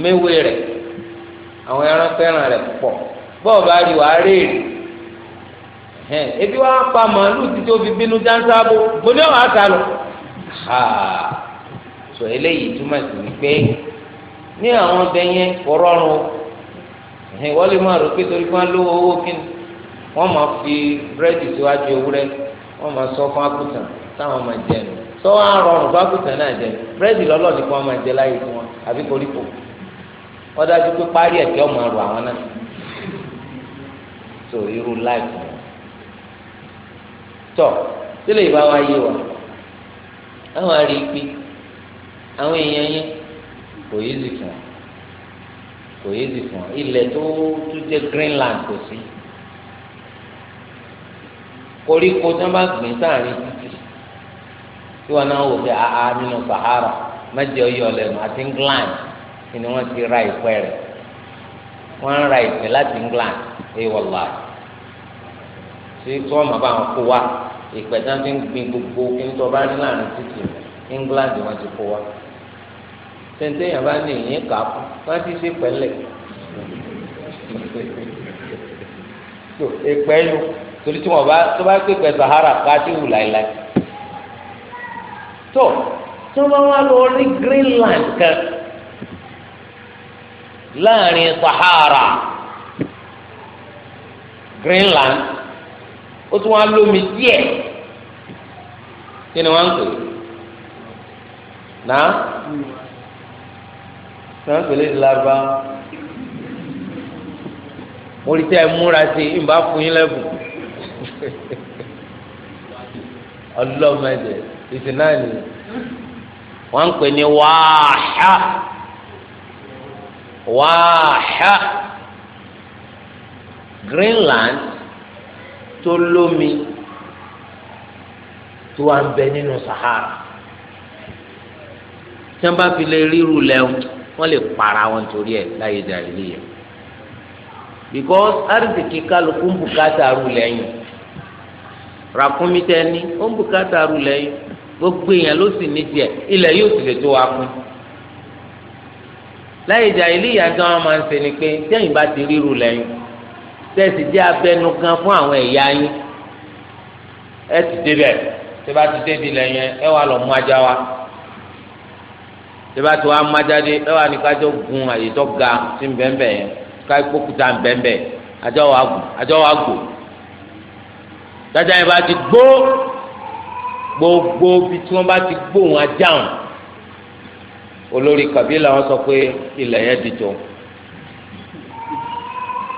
méwé rẹ̀ àwọn ẹran fẹ́ràn rẹ̀ púpọ̀ bọ́ọ̀ bá rí wàá réèrè ẹn ebi wàá pa màálù títí ó bínú dáńsáàbò gbóni ọ̀hún àtàlù sọ eléyìí túmọ̀ sí wípé ní àwọn ọbẹ̀ yẹn kò rọrùn o wọ́n lè máa rò pé torí wọ́n lówó owó kí wọ́n máa wọ́n máa sọ fún àgùntàn táwọn máa jẹ nù sọ wọn arọrùn fún àgùntàn náà jẹ búrẹ́dì lọ́lọ́ ni kí wọ́n máa jẹ láyé fún wọn àbí koríko wọ́n dájú pé parí ẹ̀kẹ́ ọmọ rò àwọn náà tó irú láìpẹ́ wọn. tọ́ ìbá wa yé wa àwọn àrí ipi àwọn èèyàn yẹn kò yé zì fún wa kò yé zì fún wa ilẹ̀ tó tún jẹ́ Greenland kò sí koríko tí wọ́n bá gbìn sáàrin títì tí wọ́n náà wò pé àá ah, ah, nínú Sahara mẹ́jọ yọ lẹ́nu àti England ni wọ́n ti ra ìpẹ́ rẹ̀ wọ́n ń ra ìpẹ́ láti England ẹ wọ̀ la tí wọ́n máa bá wọn kó wa ìpẹ́ tí wọ́n fi ń gbin gbogbo kí ní tí wọ́n bá rí láàrin títì England wọ́n ti kó wa tẹ̀ntẹ̀ yẹn bá ní ìyẹn kà á kú wọ́n ti ṣe pẹ́lẹ̀ tó ìpẹ́ yóò torí tí wọn bá tó bá pèpè sahara káàdì wù láìláì tó tó bá wà lọ ní greenland kan láàrin sahara greenland ó tún wà lómi díẹ̀ kí ni wọn ń pè náà tí wọn ń pè lè lábá orí tẹ múra sí ìbá fún yín lẹ́bùn. ọlọ́mọdé ìsìn náà ni wọ́n ń pè ní wàhá wàhá Greenland tó lómi tó wà ń bẹ nínú Sahara tí wọ́n bá fi lè ríru lẹ́wọ̀n wọ́n lè para wọn torí ẹ̀ láyé dàrí lè yẹ because arìsìkí kálukú ń bùkátà rú lẹ́yìn ràkúnmí tẹni ó ń bùkátà rú lẹ́yìn gbogbo èèyàn ló sì ní tiẹ̀ ilẹ̀ yóò sì lè tó wa fún. láyé ìjà iléyà tí wọn máa ń ṣe ni pé tẹ́yìn bá ti ríru lẹ́yìn tẹ́sí jẹ́ abẹnugan fún àwọn ẹ̀yà yín ẹ ti débẹ̀ tẹ́ bá ti débi lẹ́yìn ẹ wà lọ mú ajá wa tẹ́ bá ti wá mú ajá dé ẹ wà ní kájọ gun àyè tó ga sí bẹ́ẹ̀ bẹ́ẹ̀ ká ikú kúta bẹ́ẹ̀ bẹ́ẹ̀ ajá wa gùn ajá wa gùn dájà yẹn bá ti gbó gbogbo bí tí wọ́n bá ti gbó wọn ajáhùn olórí kabila wọn sọ pé ilẹ̀ yẹn di tó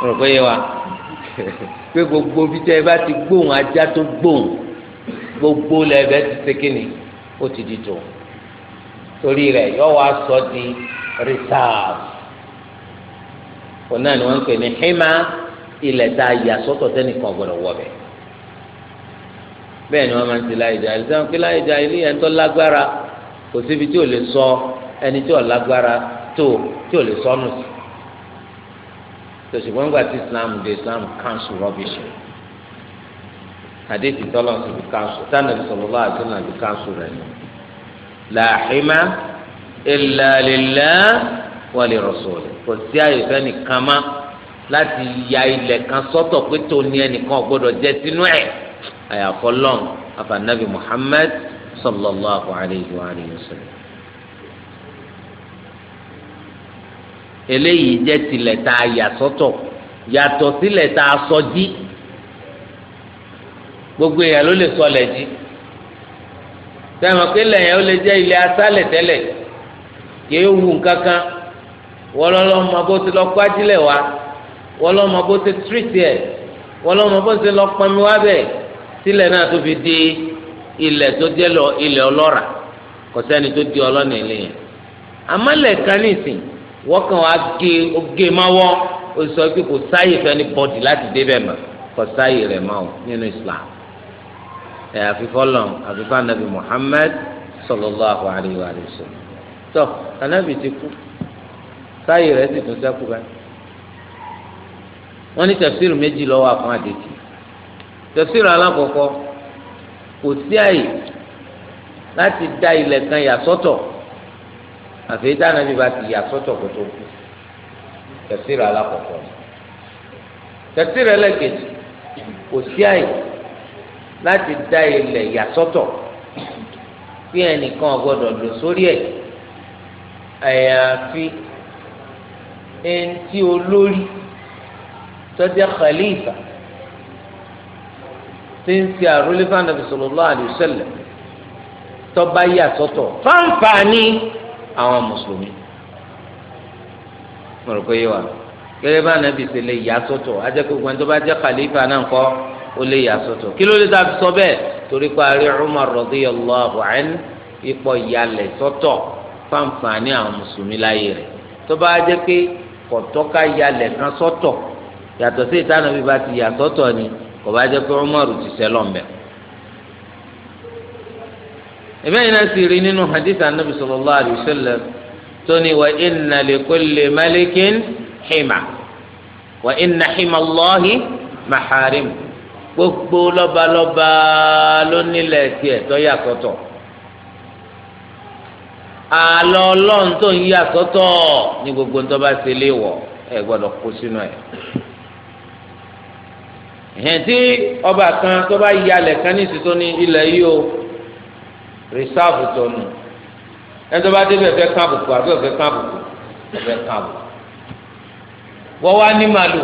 rò pé yé wa pé gbogbo bí tí wọ́n bá ti gbó wọn ajá tó gbóhùn gbogbo lẹ́bẹ̀ẹ́ ti ṣe kínní ó ti di tó torí rẹ̀ yọ wá sọ di reserve òun náà ni wọ́n ń pè ní hima ilẹ̀ tá a yà sọ́tọ̀ tẹ́nìkan gbọ́dọ̀ wọ̀ bẹ́ẹ̀ bẹ́ẹ̀ ni wọ́n máa ń ti láyé jahiliya sẹ́wọ̀n pé láyé jahiliya ẹni tó lágbára kò síbi tí ò lè sọ ẹni tí ò lágbára tó tí ò lè sọ nù sí. tòṣùgbọ́n gbà tí islam dé islam cancel rubbish àdéhùn tọ́lọ̀ sì fi cancel tánàbí sọ̀rọ̀ àti nàbí cancel rẹ̀ nù. làhímà illa lillah wa li rasul kò sí àyè fẹ́ni kama láti ya ilẹ̀ kan sọ́tọ̀ pé tó ní ẹnìkan gbọ́dọ̀ jẹ́ sínú ẹ̀. àyàfọ́ lọ́n àfànàbì Muhammad sallallahu alayhi wa sallam. eléyìí jẹ́ tilẹ̀ tá a yà yàtọ̀ sílẹ̀ tá a sọ jí gbogbo èèyàn ló lè sọlẹ̀ jí sẹ́wọ̀n pé lẹ́yìn ó lè jẹ́ ilé asálẹ̀ tẹ́lẹ̀ kìí wù kankan wọlọ́lọ́mọ bó ti lọ kwájílẹ̀ wa wọlọ́mọ bó ti tírìtì ẹ̀ wọlọ́mọ bó tílẹ̀ náà tó fi di ilẹ̀ tó jẹ́ lọ ilẹ̀ ọlọ́ra kò sẹ́ni tó di ọlọ́nà ilé yẹn amálẹ̀ kan nìsín wọ́n kàn wá gé ogé máwọ́ o sọ pé kò sáyè fẹ́ni bọ́dì láti débẹ̀ mọ́ kò sáyè rẹ̀ mọ́ o nínú Islam ẹ̀ àfifọ́lọ́ àfifọ́ anabi Muhammad sallallahu alayhi wa sallam tọ́ anabi ti kú sáyè rẹ̀ sì tún sẹ́kù báyìí wọ́n ní tafsir méjì lọ́wọ́ àfọ̀n àdètì tẹ̀síra alákọ̀ọ́kọ́ kò sí àyè láti dá ilẹ̀ kan yà sọ́tọ̀ àfi dáná bí ba ti yà sọ́tọ̀ kó tó kú tẹ̀síra alákọ̀ọ́kọ́ tẹ̀síra ẹlẹ́kejì kò sí àyè láti dá ilẹ̀ yà sọ́tọ̀ bí ẹnìkan ọ̀gbọ́dọ̀ lò sórí ẹ̀ àyàfi ẹni olórí tó khalifa tí ń ṣe àrólé fáńdàbí sallallahu alaihi wasallam tọ́ba yà sọ́tọ̀ fáǹfààní àwọn mùsùlùmí mo rò pé yé wa gẹ́gẹ́ bá nàbì ṣe lè yà sọ́tọ̀ ajẹ́kọ̀ gbọ́n tó bá jẹ́ khalifa náà ń kọ́ ó lè yà sọ́tọ̀ kí ló lè ta fi sọ bẹ́ẹ̀ torí pé àrí Umar radiyallahu anhu ipò ìyàlẹ̀ sọ́tọ̀ fáǹfààní àwọn mùsùlùmí láyé rẹ̀ tó bá pé kọ̀tọ́ka ìyàlẹ̀ kan sọ́tọ̀ yàtọ̀ sí ìtànàbí bá ti yà sọ́tọ̀ ni kò bá jẹ́ pé Umaru ti sẹ́ lọ́nbẹ̀. ìbẹ́yìn náà sì rí nínú hadith anabi sallallahu alayhi wa sallam tó ní wa inna li kulli malikin hima wa inna hima Allahi maharim gbogbo lọ́balọ́ba ló nílẹ̀ tiẹ̀ tó yà tó ń yà ní gbogbo ń tọ́ bá ẹ gbọ́dọ̀ kó sínú ẹ̀ ẹ̀hẹ́n tí ọba kan tó bá yalẹ̀ kan ní ìsìtò ní ilẹ̀ yìí o rìsáàbù tó nù ẹ̀ tó bá débẹ̀ fẹ́ kán àbùkù àbí ọ̀fẹ́ kán àbùkù ọ̀fẹ́ kán àbùkù. wọ́n wá ní màlù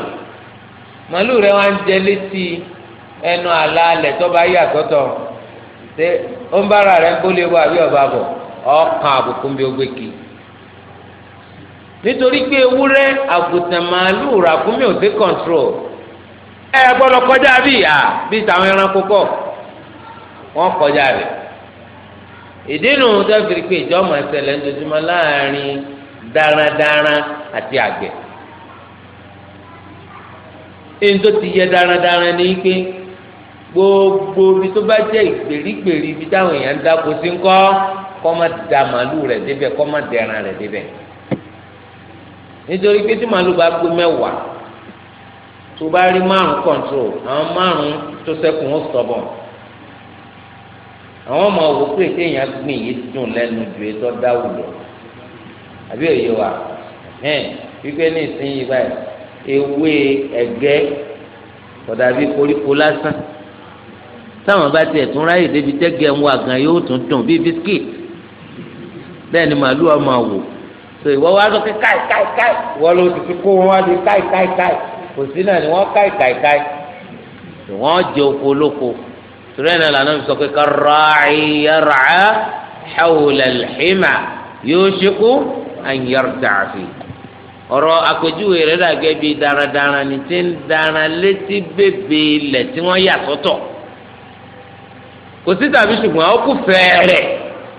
màlù rẹ̀ wá ń jẹ létí ẹnu àlà alẹ̀ tó bá yà sọ́tọ̀ ṣé ó ń bára rẹ̀ ń wọ àbí ọba bọ̀ ọ̀kan àbùkù ń bí ó gbé kí nítorí pé ewúrẹ́ àgùntàn màlù ràkúnmí ò dé control. ẹ gbọ́dọ̀ kọjá bí à bí tàwọn ẹranko kọ wọn kọjá rẹ ìdí nu dábìrì pé ìjọmọ ẹsẹlẹ ńdojúmọ́ láàrin darandaran àti àgbẹ̀ èyí tó ti yẹ darandaran ní pé gbogbo ibi tó bá jẹ́ ìgbèrígbèrí táwọn èèyàn ń dáko sí má da màálù tó bá rí márùn control àwọn márùn tó ṣẹ́kù wọn sọ̀bọ̀ àwọn ọmọ wò pé téèyàn gbìn yìí dùn lẹ́nu ju ètò dáwù lọ àbí òye wa wípé ní ìsinyìí báyìí ewé ẹ̀gẹ́ kódà bí koríko lásán táwọn bá tiẹ̀ tún ráyè débi tẹ́gẹ̀ ń wá gan yóò tún dùn bíi biskit bẹ́ẹ̀ ni màálù ọmọ wò so ìwọ wá lọ kí káì káì káì wọ́n lọ ti fi kó wọn wá di káì káì káì kò sí náà ni wọ́n káì káì káì tí wọ́n jẹ oko olóko torí ẹ̀ náà lànà fi sọ pé karaa'i yar'a hawla al-hima yushiku an yarta'a fi ọ̀rọ̀ àpèjúwe rẹ̀ dàgẹ́ bíi darandaran ni tí ń daran létí bèbè ilẹ̀ tí wọ́n yà sọ́tọ̀ kò sí tàbí ṣùgbọ́n ó kù fẹ́ẹ̀rẹ̀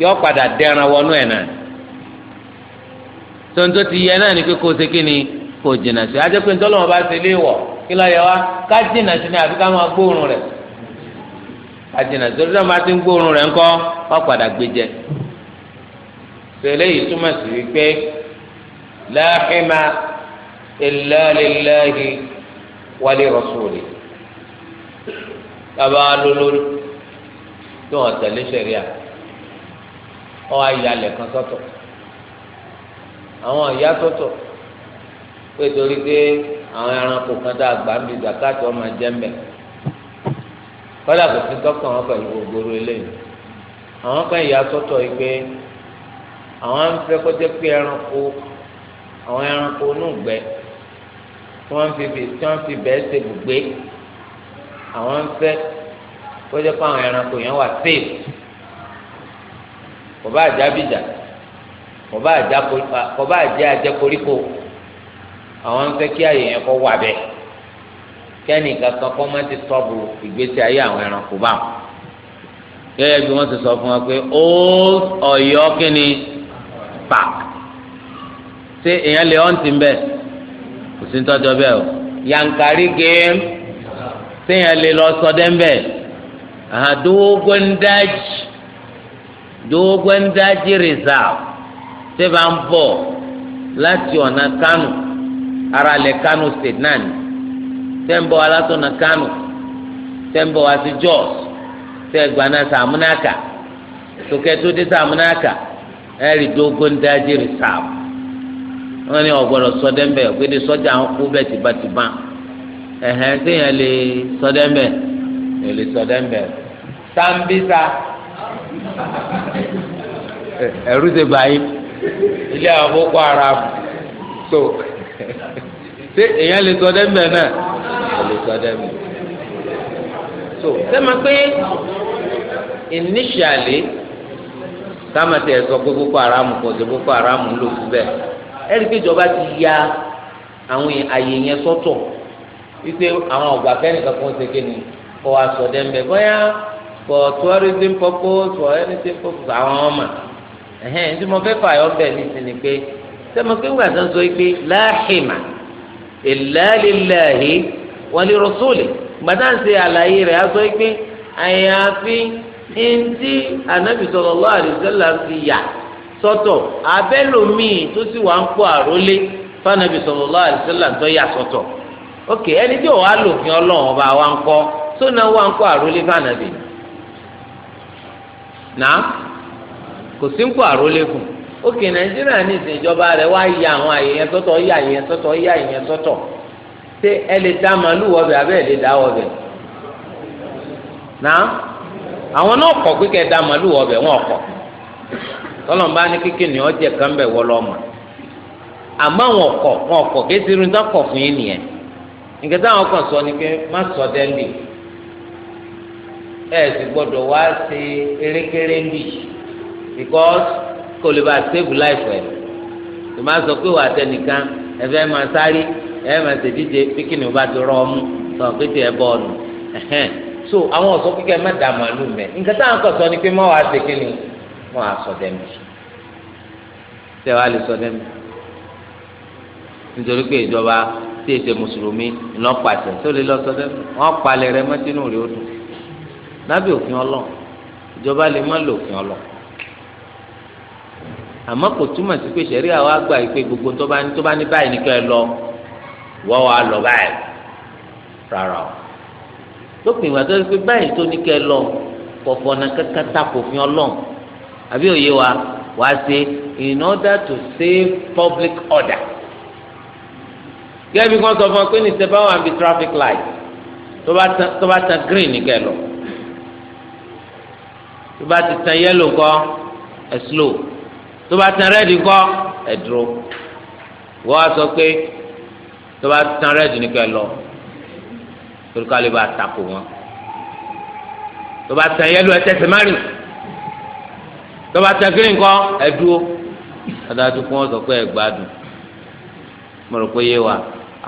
yọ padà dẹran wọnú ẹ̀ náà tonto ti yẹ náà ni pé kó o ṣe kí ni kò jìnnà sí ajẹ́ pé ntọ́lọ́mọ bá ṣe lé wọ̀ kí lọ́ọ́ yẹ wá ká jìnnà sí ni àfi ká máa gbóòórùn rẹ̀ ká jìnnà sí torí náà bá ti ń gbóòórùn rẹ̀ ńkọ́ wọ́n padà gbé jẹ. sèléyìí túmọ̀ sí wípé láàhìmá illa lillahi wa li rasuli bàbá lólórí tí tẹ̀lé sẹ̀ríà wọ́n á yà kan sọ́tọ̀ àwọn ìyá sọ́tọ̀ pé torí pé àwọn ẹranko kan tá a gbà ń bi zakati ọmọ jẹ́ mbẹ́ kọ́dà kò sí dọ́kítà wọn pẹ̀lú ògbóró eléyìí àwọn kan ìyá sọ́tọ̀ yìí pé àwọn ń fẹ́ kó jẹ́ pé ẹranko àwọn ẹranko onúgbẹ́ tí wọ́n fi tí wọ́n fi bẹ́ẹ̀ ṣe gbùgbé àwọn ń fẹ́ kó jẹ́ pé àwọn ẹranko yẹn wà safe kò bá àjá bìjà kò bá àjá koríko àwọn ń fẹ́ kí àyè yẹn kọ́ wà bẹ́ẹ̀ kẹ́ni kankan kọ́ má ti sọ́ọ̀bù ìgbésí ayé àwọn ẹranko bá wọn. gẹ́gẹ́ bí wọ́n ti sọ fún wa pé old ọ̀yọ́ ni park ṣé èèyàn lè ọ́n ti ń bẹ̀ kò sí tọ́jọ́ bẹ́ẹ̀ o Yankari game ṣé èèyàn lè lọ sọdẹ́ ń bẹ̀ dógóńdájì dógóńdájì reserve ṣé bá ń bọ̀ láti ọ̀nà Kánò. ara lẹ̀ Kano state náà ni tẹ́ǹbọ̀ alásọ̀nà Kano tẹ́ǹbọ̀ wá sí Jos tẹ́ǹgbà náà sàmúnáàkà tòkẹ́tò dé sàmúnáàkà ẹ̀rì dógún dájé rìsáàb wọ́n ní ọ̀gbọ́dọ̀ sọdẹ́mbẹ̀ ọ̀gbẹ́dẹ́ sọ́jà ń kú bẹ́ẹ̀ tìbátìbá ẹ̀hẹ́n téèyàn lè sọdẹ́mbẹ̀ lè sọdẹ́mbẹ̀ sàmbísà ẹ̀rú ti bàyí ilé àwọn boko haram so ṣé èèyàn lè sọ dẹ́mbẹ̀ náà kò lè sọ dẹ́mbẹ̀ so sẹ́mi pé initially kámẹ́tẹ̀ sọ pé boko haram kò sí boko haram ló fi bẹ́ẹ̀ ẹ̀rí pé ìjọba ti ya àwọn àyè yẹn sọ́tọ̀ wípé àwọn ọ̀gbà kẹ́nìkan kan ṣe kéde kọ́ wa sọ dẹ́mbẹ̀ bóyá for tourism purpose for anything purpose àwọn ọmọ ẹ̀hẹ́n tí mo fẹ́ fà yọ bẹ́ẹ̀ ní sinmi pé. sẹ́mi pé ńgbà sàn sọ pé láàhìmà ìlàlíláhi wọn lè rọ́sọ́ọ̀lì gbàtà ń ṣe àlàyé rẹ̀ á sọ pé àyàfi anabi fi yà sọ́tọ̀ abẹ́lòmíì tó sì wà ń kó àrólé fanabi sallallahu alaihi tó yà ok ẹni tí òun lòfin ọlọ́run ọba wa ń kọ́ ń àrólé òkè nàìjíríà ní ìsìn ìjọba rẹ̀ wá ya àwọn àyè yẹn sọ́tọ̀ ya àyè yẹn sọ́tọ̀ ya àyè yẹn sọ́tọ̀ ṣé ẹ lè dá màálù wọbẹ̀ abẹ́ ẹ lè dá ọbẹ náà àwọn náà kọ̀ pé kẹ́ dá màálù wọbẹ̀ wọn kọ̀ tọ́lọ́mbá ní kékeré ni kan wọn fún yín nìyẹn nǹkan táwọn kan sọ ni kó lè ba save life ẹ̀ tó máa sọ pé wà á tẹnìkan ẹ fẹ́ máa sáré ẹ máa ṣèdíje bí kìnìún ó bá ti rọ ọmú sọ pé tẹ ẹ bọ́ọ̀lù so àwọn ọ̀sọ́ kíkẹ́ má dà màálù mẹ́ nǹkan táwọn kan sọ ni pé má wàá ṣe kíni má wàá sọ dẹ́mi tẹ wàá lè sọ dẹ́mi nítorí pé ìjọba tí èsè mùsùlùmí iná pàṣẹ tó lè lọ sọ dẹ́mi wọ́n palẹ̀ rẹ mọ́tínú rẹ ó dùn lábẹ́ òfin ọlọ́run ìjọba lè má lò òfin ọlọ́run àmọ́ kò túmọ̀ sí pé sẹ̀rí àwọn àgbà yìí pé gbogbo tó bá ní tó bá ní báyìí ní kẹ́ ẹ lọ wọ́n wàá lọ báyìí rárá o lópin ìgbà tó ṣe pé báyìí tó ní kẹ́ ẹ lọ kọ̀ọ̀fọ̀ náà kankan ta kò fi ọlọ́run àbí òye wa wàá ṣe in order to save public order gẹ́gẹ́ bí wọ́n sọ fún ọ pé ní sẹ́fà wà bí traffic light tó bá tan tó bá tan green ní kẹ́ ẹ lọ tó bá ti tan yellow kọ́ ẹ slow tó bá tan rẹ́ẹ̀dì kọ́ ẹ̀ dúró wọ́n á sọ pé tó bá tan rẹ́ẹ̀dì ní kẹ́ lọ torí ká lè bá àtakò wọn tó bá tan yẹ́lò ẹ̀ tẹ̀sẹ̀ tó bá tan green kọ́ ẹ̀ adájú kí wọ́n sọ pé ẹ̀ mo rò pé yé wa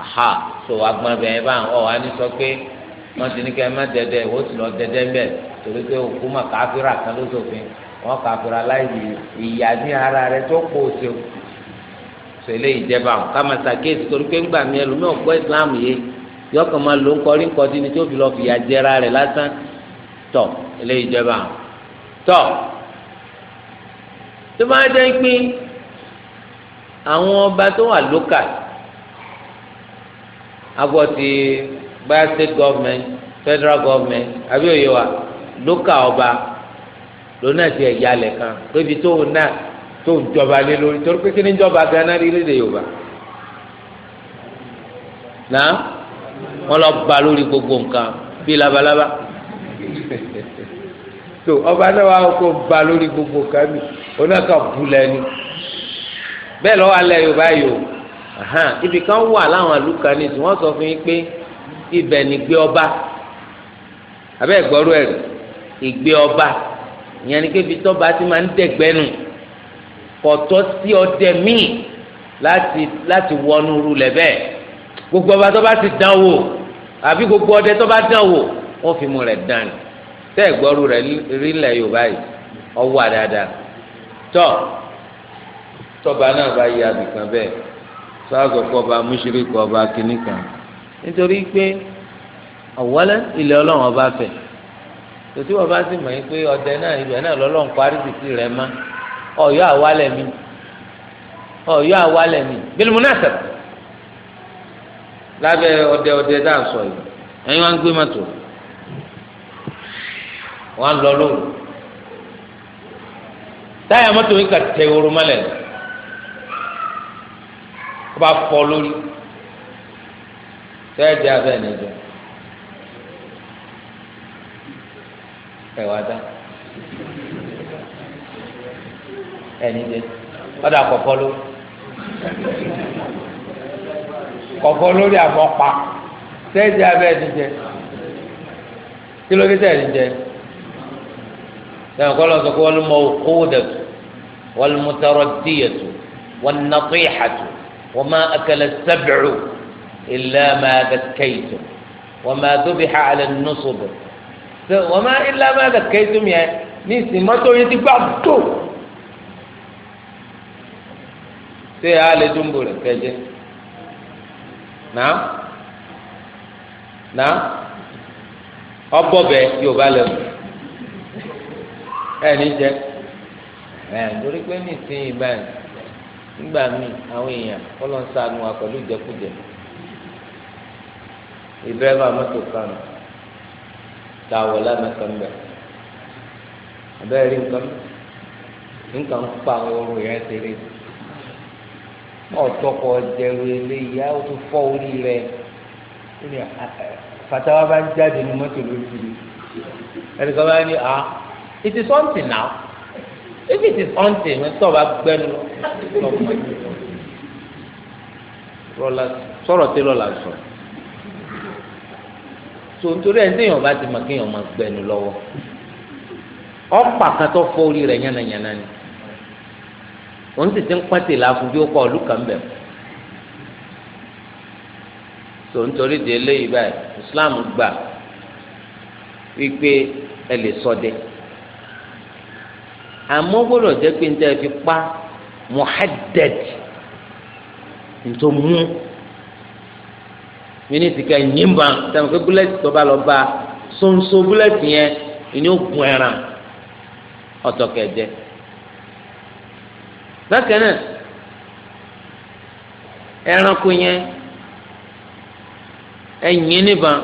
aha so wàá gbọ́n bẹ́ẹ̀ bá ọ̀ wá ní sọ pé wọ́n ti ní kẹ́ ẹ má dẹ́dẹ́ ìwọ́sùn lọ dẹ́dẹ́ ń torí pé òkú mọ̀ káfíńrà kan ló sòfin wọn kàfìrà láyé ìyá ní ara rẹ tó kó o ṣe ṣẹlẹ̀ ìjẹba àwọn kàmá sàkéèsì torí pé ńgbà mi ẹlòmíì ọgbọ ìsìláàmù yé yọkàn máa ló ń kọrí nkọdí ni tó fi lọ fìyà jẹra rẹ lásán tọ ṣẹlẹ̀ ìjẹba àwọn tọ tó máa dé pín àwọn ọba tó wà lókà agbọ́ ti báyà state government federal government àbí òye wa lókà ọba lòun náà ti ẹ̀yà alẹ̀ kan pébi tóun náà tóun jọba lé lórí torí pé kí ni jọba gánà rí léde yorùbá náà wọn lọ ba lórí gbogbo nǹkan bíi labalábá tó ọba náà wà kó ba lórí gbogbo nǹkan mi òun náà kà bu lẹ́nu bẹ́ẹ̀ lọ́wọ́ alẹ́ yorùbá yìí o ibì kan wà láwọn àlùkànnì tí wọ́n sọ fún yín pé ibẹ̀ ni gbé ọba abẹ́ ìgbọ́rú ẹ̀rí ìgbé ọba ìyẹn ni kébi tọ́ba ti máa ń dẹ̀gbẹ́nu kọ̀tọ́ sí ọdẹ míì láti láti wọnú rulẹ̀ bẹ́ẹ̀ gbogbo ọba tọ́ba ti dán wò àbí gbogbo ọdẹ tọ́ba dán wò wọ́n fi mu rẹ̀ dán tẹ́ ẹ̀gbọ́rú rẹ̀ rí lẹ̀ yorùbá yìí ọwọ́ àdáadáa tọ́ tọ́ba náà bá yí abìkan bẹ́ẹ̀ tọ́ àgọ́kọ́ ọba múṣírí kọ́ ọba kìnnìkan nítorí pé ọ̀wọ́lẹ́ ilẹ̀ ọlọ́run ọba fẹ́ẹ́ tòtí wọn bá sì mọ̀ yín pé ọdẹ náà ibẹ̀ náà lọ́lọ́run parí títí rẹ̀ má ọ̀yọ́ àwálẹ̀ mi ọ̀yọ́ àwálẹ̀ mi bílùmù náà sẹ̀ lábẹ́ ọdẹ ọdẹ dáà sọ yìí ẹ̀yin wá ń gbé mọ́tò wọ́n á lọ lóru táyà mọ́tò yìí kà tẹ ooru mọ́lẹ̀ kó bá fọ́ lórí tẹ́ẹ̀dì abẹ́ nìjọba. ẹ wá dá ẹni jẹ ọdọ àkọ́kọ́ ló kọfọ lórí àmọpa sẹẹsì abẹ ẹni jẹ kílódé sẹẹsì jẹ sẹẹsì kọlọ sọ pé wọn mọ òkú dẹtù wọn mú tọrọ díyẹtù wọn nàkú ìhàtù wọn má akẹlẹ sẹbìrù ilẹ̀ máa dẹkẹ́yìtù wọn má tóbi hà àlẹ nùsùbù. tó wọ́n máa ń ilá máa kẹ̀kẹ́ ìtumì yẹn ní ìsìn mọ́tò yẹn ti gbà tó ṣé a lè dúnbò rẹ̀ kẹjẹ náà náà ọbọ bẹ yóò bá lẹ ẹ ní jẹ ẹ torí pé ní ìsìn yìí báyìí nígbà míì àwọn èèyàn kọlọ ń sanu wa pẹ̀lú ìjẹkújẹ ìdírẹ́fà mọ́tò kan nù ta wọ̀ lánàá mbẹ abẹ́rẹ́ rí nǹkan nǹkan ń pa àwọn orò yẹn ṣeré ọ̀tọ́kọ̀ jẹ̀rù eléyìí á tún fọ́ orí rẹ̀ fatawa bá ń jáde ní mọ́tò lójú mi ẹnìkan bá ní ah it is something now if it is something tó o bá gbẹnu lọ́wọ́ sọ̀rọ̀ tí lọ́la sọ̀rọ̀ tó nítorí ẹ̀ ń tẹ̀yàn bá ti mọ̀ kéèyàn máa gbẹnu lọ́wọ́ ọ̀pá kan tó fọ́ orí rẹ̀ yánnayànna ni òun sì ti ń pẹ́ntì láàfin bí ó bẹ̀ tó nítorí di eléyìí báyìí Islam gbà wípé ẹ lè ṣọdẹ àmọ́ gbọ́dọ̀ jẹ́ pé ń tẹ́ fi pa muhaddad nítorí mú mínísítì ká yín bá sẹ́mi pé búlẹ́tì tó bá lọ bá sonso búlẹ́tì yẹn ìní ó gun ẹran ọ̀tọ̀ kẹ̀jẹ́ bákan náà ẹranko yẹn ẹ̀yìn níbọn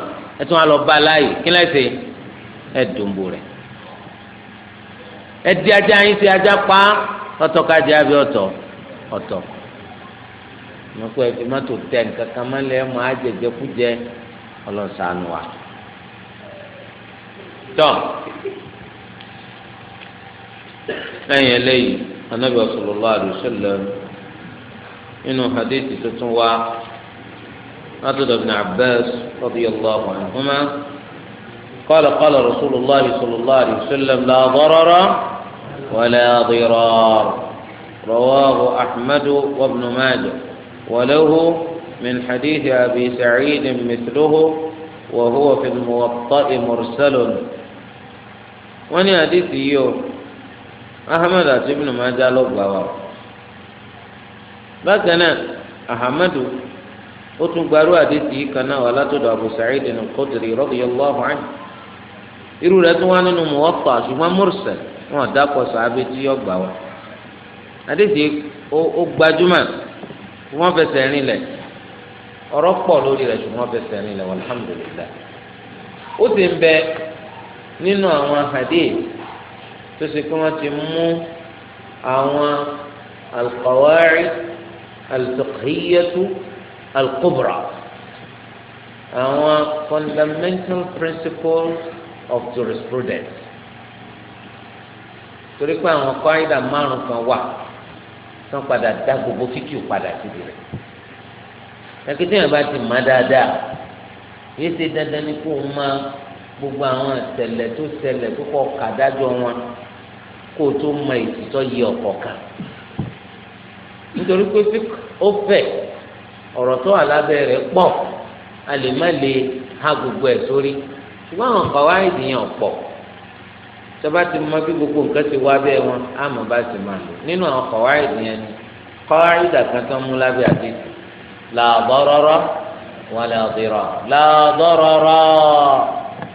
ẹtún alọ bá láàyè kí lẹ́sẹ̀ ẹ̀dùnbò rẹ̀ ẹ̀dí ajá yín sí ajá pa ọ̀tọ̀ kájá bí ọ̀tọ̀ ọ̀tọ̀ nukú ẹ̀fí mọ́tò tẹ̀ nkankan má lẹ́ mọ́ ajẹjẹkújẹ ọlọ́sàánù wa. tọ́ lẹ́yìn eléyìí anábì sallallahu alaihi wasallam nínú hadithi tuntun wa látọ̀dọ̀ ibn Abbas radiyallahu anhuma قال قال رسول الله صلى الله عليه وسلم لا ضرر ولا ضرار رواه أحمد وابن ماجه وله من حديث أبي سعيد مثله وهو في الموطأ مرسل وني حديث يو أحمد بن ماجه لو بكنا أحمد ó tún gbarú àdéhùn yìí kan náà wà látọ̀dọ̀ Abu Sa'id al-Khudri radiyallahu anhu irú rẹ̀ tún wá nínú Muwatta ṣùgbọ́n mursal wọn dákọ̀ sàábé tí yọ gbà wá àdéhùn ó gbajúmọ̀ ṣùgbọ́n fẹsẹ̀ rìn lẹ̀ ọ̀rọ̀ pọ̀ lórí rẹ̀ ṣùgbọ́n fẹsẹ̀ rìn lẹ̀ alhamdulilayi ó sì ń bẹ nínú àwọn hadith tó ṣe pé wọ́n ti mú àwọn alqawari alfiqhiyatu alkubra àwọn fundamental principles of jurisprudence torí pé àwọn kọ́ àyídà márùn kan wà tí wọ́n padà dá gbogbo fíkìú padà síbi rẹ̀ ẹ̀kẹ́tẹ́ yẹn bá ti má dáadáa yìí ṣe dandan ni kó o máa gbogbo àwọn ìṣẹ̀lẹ̀ tó ṣẹlẹ̀ tó kọ́ kàdájọ́ wọn kó o tó mọ ìtìtọ́ yẹ ọ̀kọ̀ kan nítorí pé fíkì ó fẹ̀ ọ̀rọ̀ tó wà lábẹ́ rẹ̀ pọ̀ a lè má lè ha gbogbo ẹ̀ sórí ṣùgbọ́n àwọn kọ̀wá ìdìyàn pọ̀ tọba ti mọ bí gbogbo nǹkan ti wá bẹ́ẹ̀ wọn àmọ́ bá ti máa lò nínú àwọn kọ̀wáì yẹn ni kọ́wáì dàkan tó ń mú lábẹ́ àti làbọ́rọ́rọ́ wọn lè ọ̀dìrọ̀ làbọ́rọ́rọ́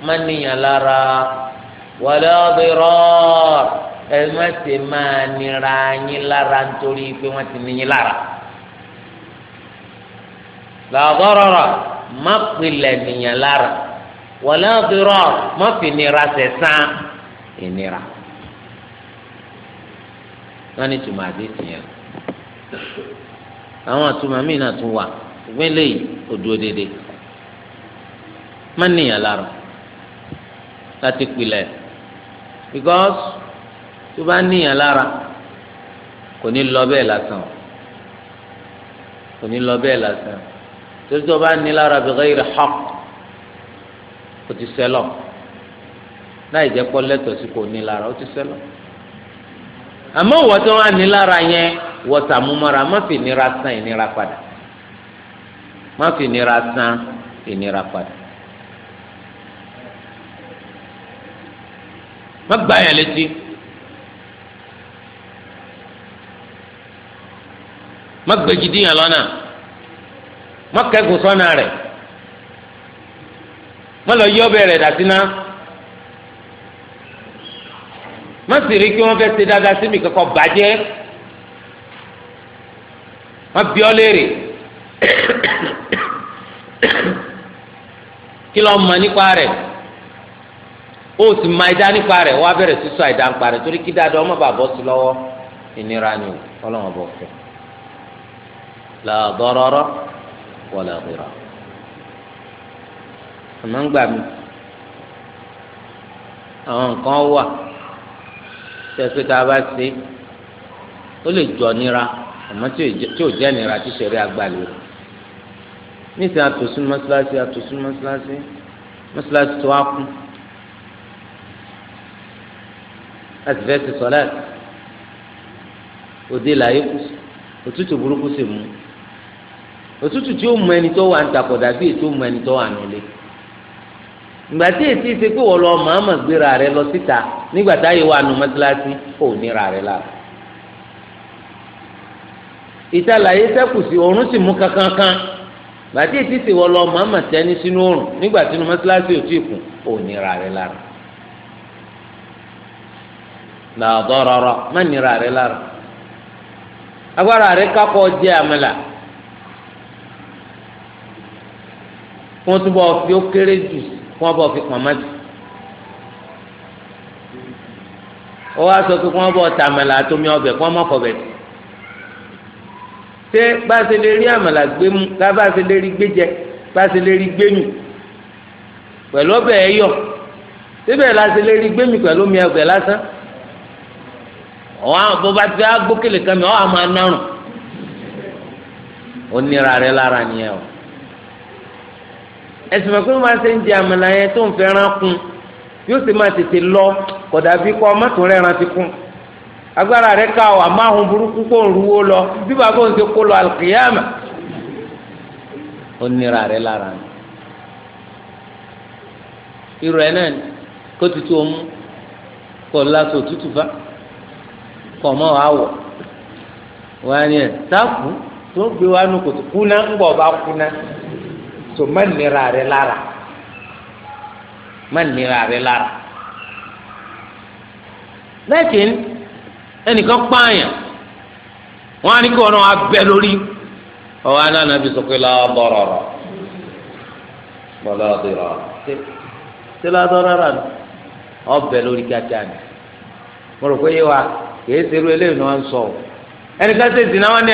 má níyàn lára wọn lè ọ̀dìrọ̀ ẹ má ti máa nira yín lára nítorí pé wọ́n ti níyìn lára làbọ́rọ́rọ́ má pilẹ̀ lára wọn lè ọ̀dìrọ̀ má fi nira sẹ̀ sán ìnira wọn ní tùmọ̀ àdéhùn yẹn àwọn àtùmọ̀ míì náà tún wà ìgbẹ́ lẹ́yìn òdúró déédéé má nìyàn lára láti pilẹ̀ because tó bá nìyàn lára kò ní lọ bẹ́ẹ̀ lásán kò ní lọ bẹ́ẹ̀ lásán torí tó bá ní lára bi ghairi haqq kò ti sẹ́lọ̀ láì jẹ́ pọ́ lẹ́tọ̀ọ́ sí kò ní lára ó ti sẹ́lọ̀ àmọ́ ìwọ tí wọ́n á ní lára yẹn wọ́n sàmúmọ́ra má fi nira san ìnira padà má fi nira san ìnira padà má gbá yẹn létí má gbèjì díyàn lọ́nà má kẹ́gùn sọ́nà rẹ̀ má lọ yí ọbẹ̀ rẹ̀ dàtí má sì rí kí wọ́n fẹ́ ṣe dáadáa síbi kankan bàjẹ́ wọ́n bí ọ léèrè kí lọ́ọ́ mọ̀ nípa rẹ̀ ó sì mọ̀ ẹ̀dá nípa rẹ̀ wọ́n á bẹ̀rẹ̀ sísọ ẹ̀dá nípa rẹ̀ torí kí dáadáa ọmọ bàbá bọ́ sí lọ́wọ́ ìnira ni o ọlọ́wọ́n bọ̀ fẹ́ làbọ̀rọ̀rọ̀ wọlé àbúrò àmọ́ ń gbà mí àwọn nǹkan wà tẹsí tá a bá ṣe ó lè jọ nira àmọ́ tí ò jẹ nira tí sẹrí agbálẹ rẹ nísìnyí àtòsún mọ́sálásí àtòsún mọ́sálásí mọ́sálásí tó á kú láti fẹ́ ti sọ láti òde làyè kù òtútù burúkú sì mú òtútù tí ó mú ẹni tó wà ń takọ̀dà bí ètò mú ẹni tó wà nílé ìgbà tí èsì ṣe pé wọ́n lọ màmá gbéra rẹ lọ síta nígbà táyé wà nù mọ́tíláṣí kò níra rẹ lára. ìtàlàyé sẹ́kù sí oorun sì mú kankan kan ìgbà tí èsì ṣe wọ́n lọ màmá tẹ́ni sínú oorun nígbà tí nù mọ́tíláṣí ò tí ì kù kò níra rẹ lára. làdọ́ má níra rẹ lára. agbára rẹ kápọ̀ jẹ́ àmàlà. wọ́n túbọ̀ fi ó kéré jù sí wọ́n bọ̀ fi pọ̀n mọ́tì ó wá sọ pé wọ́n bọ̀ ta àmàlà àtomi ọbẹ̀ kí wọ́n mọ̀kọ̀ bẹ̀ tì ṣé bá a ṣe lè rí àmàlà gbé mu ká bá a ṣe lè rí gbé jẹ bá a ṣe lè rí gbé mi pẹ̀lú ọbẹ̀ ẹ yọ síbẹ̀ la ṣe lè rí gbé mi pẹ̀lú mi ọbẹ̀ lásán ọ̀hún bó bá ti fẹ́ agbókèlè kan mi ọ̀hún àmọ́ anárùn ó nira rẹ lára nìyẹn o. ẹ̀sìn mọ̀ pé máa ṣe ń jẹ àmàlà yẹn tó ń fẹ́ rán yóò sì máa tètè lọ kódà bí kọ́ mọ́tò rẹ̀ kún agbára ká ọ burúkú kó ń ruwó lọ bí bàbá òun kó lọ ó nira lára ni irú ẹ náà kó fa wọn gbé wa nù so má nira rẹ lára má nira rẹ lára lẹ́kìn ẹnìkan pààyàn wọn á ní kí wọn náà abẹ lórí ọwọ́ anáná fi sọ pé lọ́wọ́ bọ̀rọ̀ ṣé ọbẹ̀ lórí kíákíá ni mo rò pé wa kìí eléyìí ni sọ o ẹnìkan ṣe ìsìn náà ní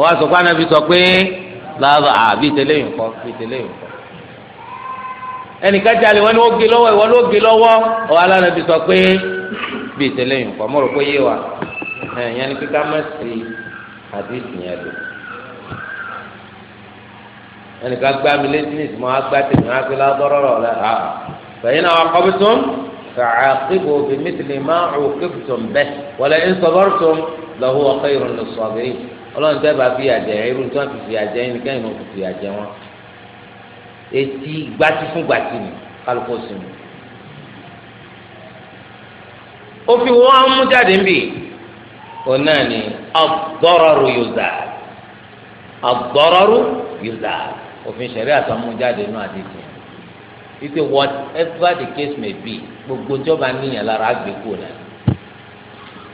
wọ́n sọ pé anabi sọ pé láàbà àbí tẹ́lẹ̀ yìí kọ́ bí tẹ́lẹ̀ yìí kọ́ ẹnìkan jalè wọn ni wọ́n gé lọ́wọ́ ìwọ ló gé lọ́wọ́ ọ̀hún alánàbí sọ pé bí tẹ́lẹ̀ yìí kọ́ mo rò pé yé wa ẹ̀yàn ni kíkà má sí àdìsí yẹn lò ẹnìkan gbá mi létí ní ìsìnkú wọn tèmi wọn á lábọ́rọ́ rọ̀ lẹ́ ha fẹ̀yìn náà wọn kọ́ bí tún fàcàqibò bí mítìlì máa ń cùkìbùtùm bẹ́ẹ̀ wọlé ń sọ ọlọ́run tẹ́ bá fi àjẹ irú tí wọ́n fi fi àjẹ yín kẹ́yìn ló fi fi àjẹ wọn etí gbati fún gbati ni kálukú sí mi. ó fi wọ́n mú jáde ń bì òun náà ni ad-dararu yuzal ad-dararu yuzal òfin ṣẹ̀rí àtọ́mú jáde náà àdìsí wípé whatever the case may be gbogbo ìjọba níyàn lára àgbékò náà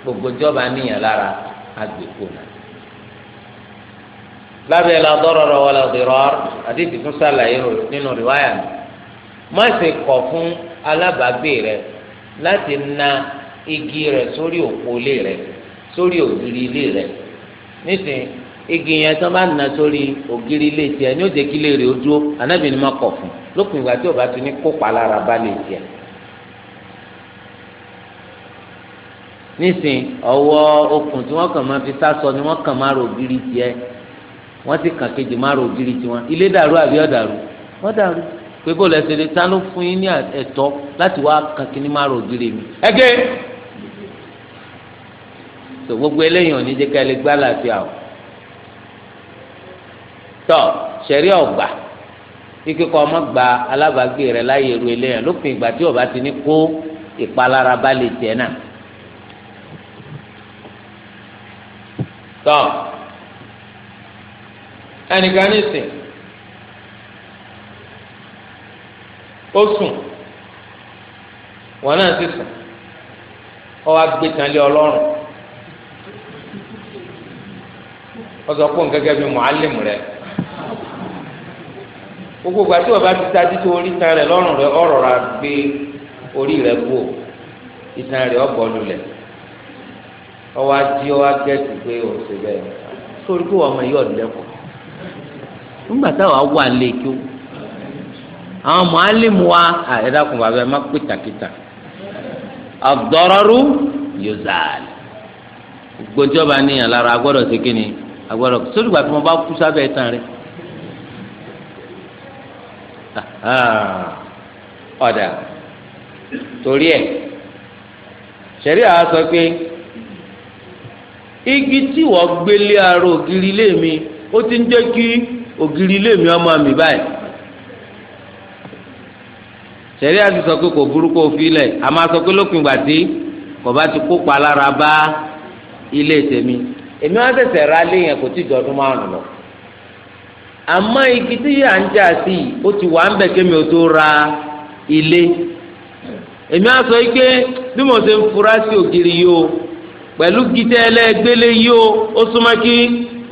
gbogbo ìjọba níyàn lára àgbékò náà lábẹ́ la darara wala dirar àdìsí fún sàlàyé nínú rìwáyà mi má ṣe kọ̀ fún alábàágbé rẹ láti na igi rẹ sórí òpó ilé rẹ sórí ògiri ilé rẹ nísìnyí igi yẹn tó bá na sórí ògiri ilé tiẹ̀ ní òde kílé rẹ ó dúró anábì ni má kọ̀ fún lópin ìgbà tí ò bá ti ní kópa lára bá lè tiẹ̀. nísìnyí ọwọ́ okùn tí wọ́n kàn máa fi sá sọ ni wọ́n kàn máa rò ògiri wọ́n ti kàn kejì má ro ògiri tiwọn ilé dàrú àbí ọ̀dàrú wọ́n dàrú pé bó lẹ́sẹ̀ lè tán ló fún yín ní ẹ̀tọ́ láti wá kàn kí ni má ro ògiri mi. ẹgẹ tó gbogbo eléyìí ò ní jẹ́ ká ẹ lè gbá láàfin àwọn tọ sẹ̀rí ọ̀gbà ike kọ ọmọ gba alábàágbé rẹ láyé eru eléyàn lópin ìgbà tí ọba ti ní kó ìpalára bá lè tẹ̀ náà tọ. ẹnìkan ní ìsìn ó sùn wọn náà sì sùn ọ wá gbé tán lé ọlọ́run sọ pé òun gbogbo ìgbà tí ti ta títí orí tan rẹ̀ lọ́rùn rẹ̀ ọ̀rọ̀ ra gbé orí rẹ̀ kú ìtàn rẹ̀ ọ̀bọ̀ lulẹ̀ ọwọ́ adí ọwọ́ agẹ́tù pé òun bẹ́ẹ̀ nígbà táwa wà lẹ́kí o àwọn mọ̀álìmù wa ẹ dákun bàbá ẹ má pè tàkìtà ad-dararu gbọ́njọba níyàn lára agbọ́dọ̀ ṣe kí ni agbọ́dọ̀ sórí ìgbà tí mo bá kú sábẹ́ tán rẹ. ọ̀dà torí ẹ̀ ṣẹ̀rí àá sọ pé igi tí wọ́n gbélé ara ògiri mi ó ti ń jẹ́ kí ògiri ilé mi ọmọ mi báyìí sẹ̀rí àti sọ pé kò burúkú òfilẹ̀ a máa sọ pé lópin ìgbà tí kò bá ti kópa lára bá ilé tèmi èmi wọn ra lé yẹn kò tí ju ọdún márùn lọ àmọ́ igi tí yà ń jà sí i ó ti wà ń bẹ̀ kémi ó tó ra ilé èmi á sọ pé bí mo ṣe ń fura sí ògiri yìí o pẹ̀lú gidẹ́lẹ́gbẹ́lẹ́ yìí o ó súnmọ́ kí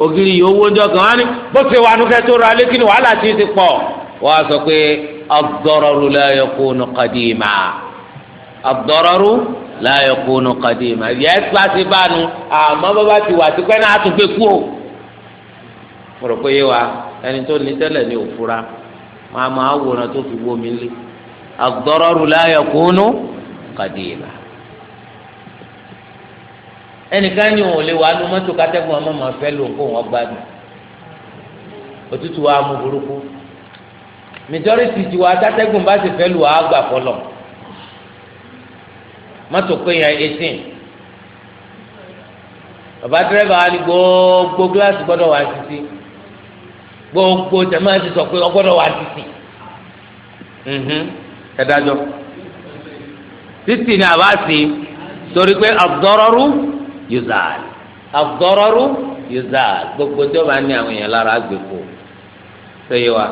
ògiri yìí owó ńjọ kan wá ní bó ṣe wà nùkẹ́ tó ra lé kíni wàhálà tí ti pọ̀ wọ́n á sọ pé ad-dararu la yakunu qadima ad-dararu la yakunu qadima yẹ kíláàsì bánu àmọ́ bàbá ti wà tipẹ́ náà tún gbé kú o. mo pé yé wa ẹni tó ní tẹ́lẹ̀ ní òfura máa máa wòran tó fi wó mi lé ad-dararu la yakunu qadima ẹnìkan ní òun ò lè wà á lu mọ́tò kátẹ́gùn ọmọ màá fẹ́ lò kó wọn gbádùn òtútù wa mú burúkú majority tiwa kátẹ́gùn bá ti fẹ́ lù wá gbà fọlọ̀ mọ́tò pé yẹn eighteen bàbá dírẹ́fà wa ni gbogbo gíláàsì gbọ́dọ̀ wà títí gbogbo jẹ̀mọ́ ti sọ pé ọgbọ́dọ̀ wà títí mhm. ẹ dájọ́ títì ni àbá sí torí pé àbùdọ́rọ́rú yuzaal ad-dararu yuzaal gbogbo tí ó bá ní àwọn èèyàn lára àgbèkó sèye wa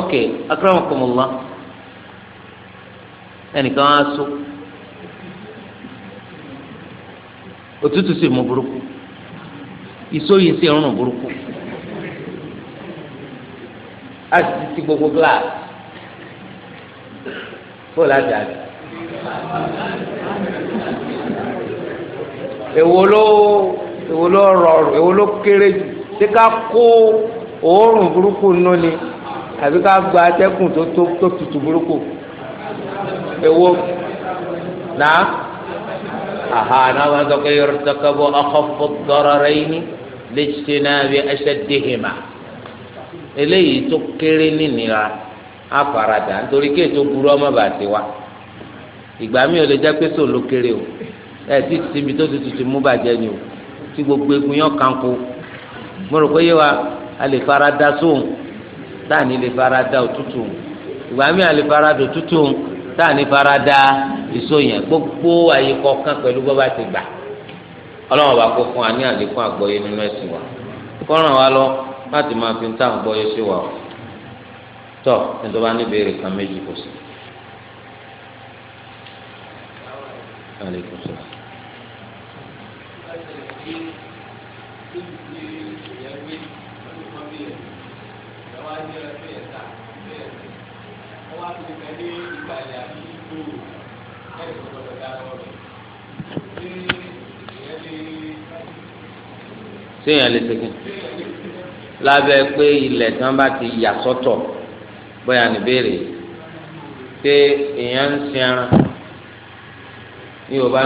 ok akramakumullah ẹnìkan á so òtútù sì mú burúkú ìsóyè sì rún burúkú a sì ti gbogbo glace fóòlù àjàdì èwo ló èwo ló rọrùn èwo ló kéré jù ṣé ká kó òórùn burúkú nù ni àbí ká gba atẹ́kùn tó tó tó tutù burúkú èwo nà aha náà wọn sọ pé yorùtàkàbọ akhaffu ad-dararayni lijtinabi ashaddihima eléyìí tó kéré nínira àfaradà nítorí kí ètò burú ọmọ bàtí wa ìgbà mi ò lè jẹ́ pé sòló o ẹ ti tìbi tó tutù ti mú bàjẹ́ ni o tí gbogbo egun yọ kanko mo rò pé yé wa a lè fara da sóhun táà ní lè fara da òtútù ìgbà mi a lè fara da òtútù táà ní fara da èso yẹn gbogbo àyè kọ̀ọ̀kan pẹ̀lú bọ́ bá ti gbà ọlọ́run bá kó fún wa ní àlékún àgbọ́yé nínú ẹ̀sìn wa kọ́ràn wa lọ láti máa fi ń tà ń gbọ́yé sí wa o tọ́ nítorí wá níbi èrè kan méjì kò sí. Aleykum salaam. téèyàn lè segin lábẹ́ pé ilẹ̀ tí wọ́n bá ti yà sọ́tọ̀ bóyá níbèrè pé èèyàn ń sin ní yorùbá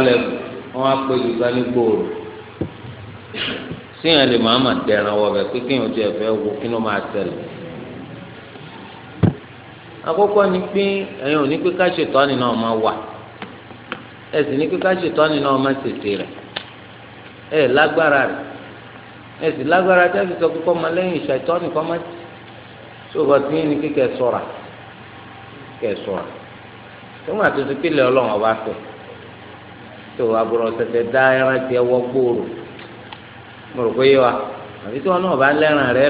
á pè yorùbá ní gbòòrò lè máa mà dẹran wọbẹ̀ pé kéèyàn jẹ́ ẹ̀fẹ́ wo kí ló máa tẹ̀lé ni pé ẹ̀yin ò ní pé náà máa wà ní pé ẹsì lágbára tẹ́sí sọ pé ma lẹ́yìn ìṣàìtọ́ nìkan má ti sọ̀rọ̀ tí yín ni kíkẹ́ sọ̀ra kíkẹ́ sọ̀ra tó má tó ti pílẹ̀ ọlọ́run ọba fẹ́ tó àbúrò tẹ̀tẹ̀ dá ẹran tiẹ̀ gbòòrò mo rò pé yé wa àbí tí wọn náà bá lẹ́ràn rẹ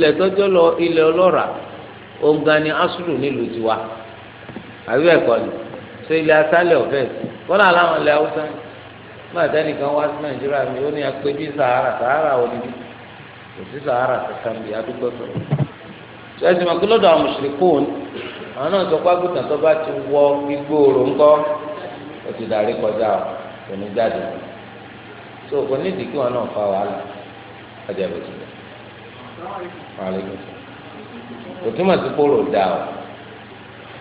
lò tó lọ ilẹ̀ ọlọ́ra asúlù nílùú tiwa àbí so ilẹ̀ asálẹ̀ ọ̀fẹ́ kọ́lá aláwọn ilẹ̀ haúsá máa tẹ́lẹ̀ kan wá sí nàìjíríà mi ó ní apẹ́ bí sahara sahara ò níbi sahara kankan bí adúgbò sọ̀rọ̀ so mọ̀ kí lọ́dọ̀ àwọn mùsùlùmí àwọn náà sọ pé àgùntàn tó bá ti wọ igbó òrò ó ti darí kọjá kò ní jáde so kò ní ìdí kí wọn náà fa wàhálà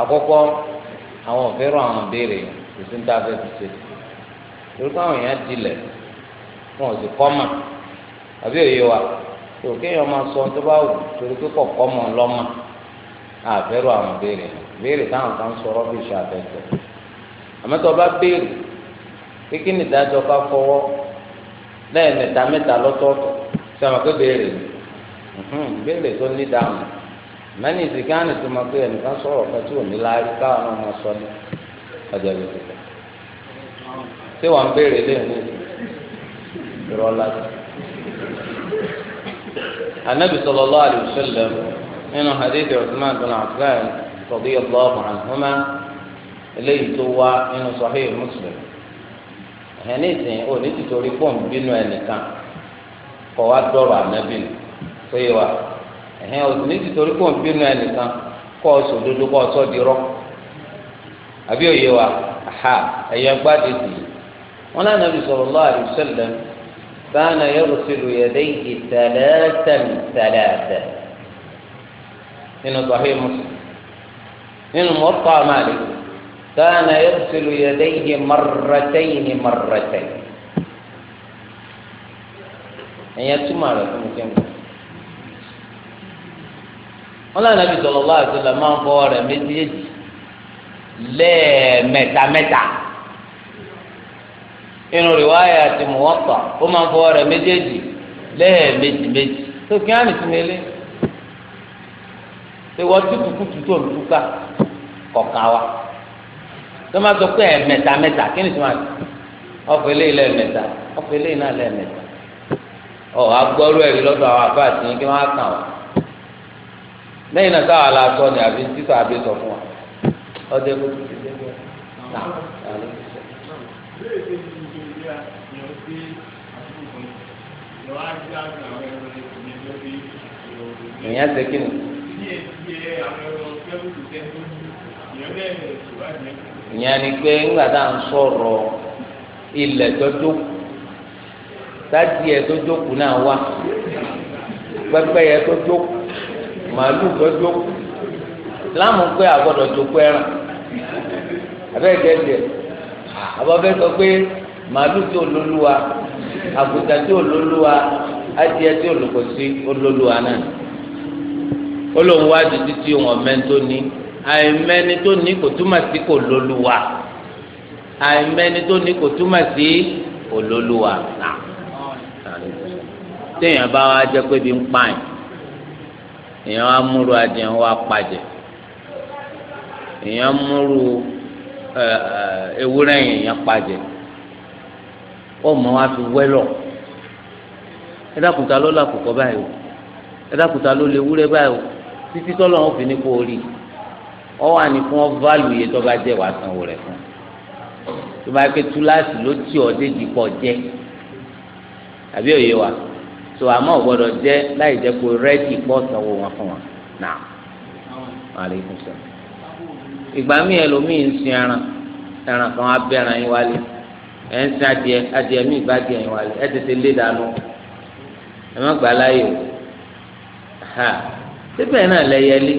àkọ́kọ́ àwọn òfẹ́ràn àwọn béèrè kò tá a fẹ́ fi ṣe lórúkọ àwọn èèyàn dilẹ̀ wọn ò sì kọ́ àbí òye wa tó kéèyàn máa sọ tó bá wù torí pé kọ̀ọ̀kọ́ mọ̀ àwọn béèrè béèrè táwọn kan àmọ́tọ́ bá béèrè ká fọwọ́ lẹ́ẹ̀mẹ́ta mẹ́ta lọ́tọ̀ọ̀tọ̀ sọ̀rọ̀ pé béèrè béèrè tó ní dáhùn mẹ́ni ìsìnkánì tó máa pé ẹnìkan sọ̀rọ̀ kan tí ò ní láàyè káwọn náà máa sọ ní ọjọ́ ìlú tó tẹ̀. ṣé ń béèrè lẹ́yìn ìrọ̀ láti. النبي صلى الله عليه وسلم من حديث عثمان بن عفان رضي الله عنهما ليتوا من صحيح مسلم ẹ̀hìn nísìnyí ò ní tìtorí pọ́ùn bínú ẹnìkan kọ́ wa dọ̀rọ̀ ànábì nù tó yẹ wa ẹ̀hìn ò ní tìtorí pọ́ùn bínú ẹnìkan kọ́ ọ sòdodo kọ́ ọ sọ́ di rọ́ àbí òye wa aha ẹ̀yẹ ń gbádùn sí i wọn náà nàbì sallallahu alaihi wasallam kana yaghsilu yadayhi thalathan thalathan nínú Sahih Muslim nínú Muwatta Malik. كان يغسل يديه مرتين مرتين ẹ̀yẹ túmọ̀ rẹ̀ fún mi kí n bọ̀. wọ́n lọ́nà bí sallallahu alaihi wasallam máa ń fọwọ́ rẹ̀ méjèèjì lẹ́ẹ̀mẹ́ta mẹ́ta. inú rìwáyà àti Muwatta ó máa ń fọwọ́ rẹ̀ méjèèjì lẹ́ẹ̀mejì méjì. tó kí á nìtú mi lé. ṣé wọ́n tútù kútù tó ń túká wa tó máa sọ pé ẹ mẹ́ta mẹ́ta kí ni tí máa sọ ọfọ eléyìí lẹ mẹ́ta ọfọ eléyìí náà lẹ mẹ́ta ọ agbọrú ẹrí lọ́dọ̀ àwọn àbá àti yín kí wọn á kàn wọn lẹ́yìn náà táwọn aláṣọ ni àbí títà àbí sọ fún wa ọdẹ kó ti ti dẹgbẹ náà àlẹ kò sọ. ìyẹn ṣe kí ni ìyẹn ni pé ńgbà tá à ń sọ̀rọ̀ ilẹ̀ tó jókòó sáàtì ẹ̀ tó jókòó náà wà pẹ́pẹ́yẹ tó jókòó màálù tó jókòó láàmú pé àgbọ̀dọ̀ jókòó ẹran abẹ́ẹ̀kẹ́jẹ àbọ̀fẹ́ sọ pé màálù tí olólùwà àgùntàn tí olólùwà adìẹ tí olùkọ́sí olólùwà náà ó lóun wá di títí wọn mẹ́ńtó ní àìmẹ́ni tó ní kò túmọ̀ sí kò lóluwa àìmẹ́ni tó ní kò túmọ̀ sí kò lóluwa nà téèyàn bá wá jẹ́ pé bí ń pààyàn èèyàn á múru adìyẹn wá pàjẹ́ èèyàn múru ewúrẹ́ yẹn èèyàn ó mọ wá fi wẹ́lọ̀ ẹ ló lọ àkùkọ báyìí o ẹ dákun ta ló lè wúrẹ́ báyìí o títí tọ́lọ́ wọn fi ní kó o rí i ọ wà ní fún ọ válù yẹ tó bá jẹ wàá sanwó rẹ fún tó bá pé túláàsì ló tì ọ dé dìpọ jẹ àbí òye wa tó àmọ́ ò gbọ́dọ̀ jẹ láì jẹ kó rẹdì pọ sanwó wọn fún wa náà aleykum salaam ìgbà míì ẹlòmíì ń sin ẹran ẹran kan abẹ́ran yín wálé ẹ̀ ń sin adìẹ adìẹ míì bá adìẹ yín wálé ẹ̀ tètè lé dànù ẹ̀ má gbà láyè o ha síbẹ̀ náà lẹ́yẹlé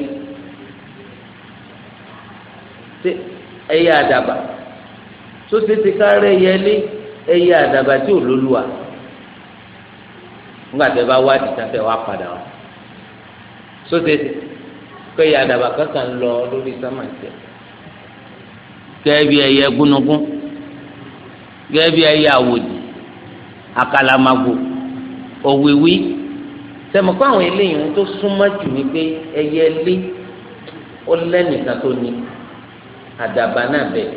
ṣé ẹyẹ àdàbà tó ṣe ti kárẹ́ yẹlé ẹyẹ àdàbà tí ò lóluwà nígbà tẹ bá wá dìtàfẹ́ wá padà wá tó ṣe ti kọ́ ẹyẹ àdàbà kankan lọ lórí sámàtì gẹ́gẹ́ ẹyẹ gúnugún gẹ́gẹ́ ẹyẹ àwòdì àkàlàmàgò òwìwí sẹ́mi kọ́ àwọn eléyìí tó súnmọ́ jù ní pé ẹyẹ lé ó lẹ́nìkan tó ní àdàbà náà bẹ̀.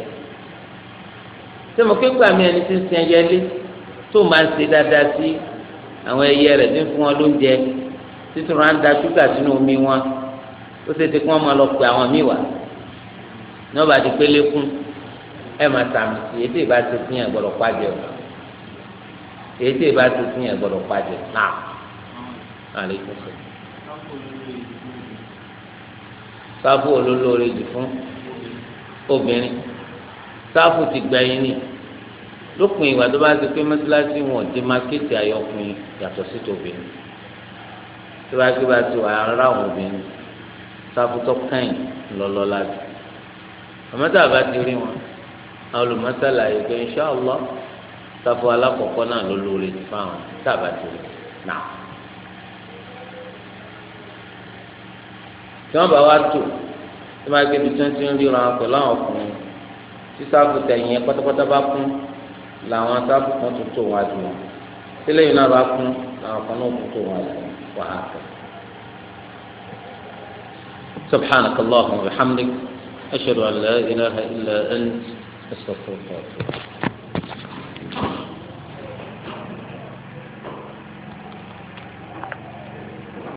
sẹ́mo kéńgbà mi ẹni tí ń sin ẹyẹ lé tó máa ń ṣe dáadáa sí àwọn ẹyẹ rẹ̀ tí ń fún wọn lóúnjẹ títún ra ń da ṣúgà sínú omi wọn ó ṣe ti kí wọ́n máa lọ pe àwọn míì wá náà bá ti pé lékún ẹ máa sàmì sí ètò ìbá ti fi hàn gbọ́dọ̀ pàjẹ́ o ètò ìbá ti fi hàn gbọ́dọ̀ pàjẹ́ náà àlékún sọ. sáfù olólórí jù fún obìnrin sáfù ti gbẹ̀yìn ni lópin ìgbà tó bá ti pé mọ́tíláṣí wọn ti máa kéde àyọkùnrin yàtọ̀ sí tòbìnrin tó bá gbé bá ti wà ara àwọn obìnrin sáfù tó kẹ́yìn lọ́lọ́ láti àmọ́tà bá ti rí wọn àwọn olùmọ́tàlá yìí pé inṣàlá sáfù alákọ̀ọ́kọ́ náà ló lóore fáwọn tàbá ti rí náà. tí wọ́n bá wá tó tó máa gbé ibi tí wọ́n ti ń ríran pẹ̀lú àwọn ọkùnrin tí sáfù tẹ̀yìn yẹn pátápátá bá kún làwọn sáfù kan tó tó wájú wọn tílé yìí náà bá kún làwọn kan náà tó tó wájú wọn wà á kẹ́. سبحانك اللهم وبحمدك أشهد أن لا إله إلا أنت أستغفرك وأتوب إليك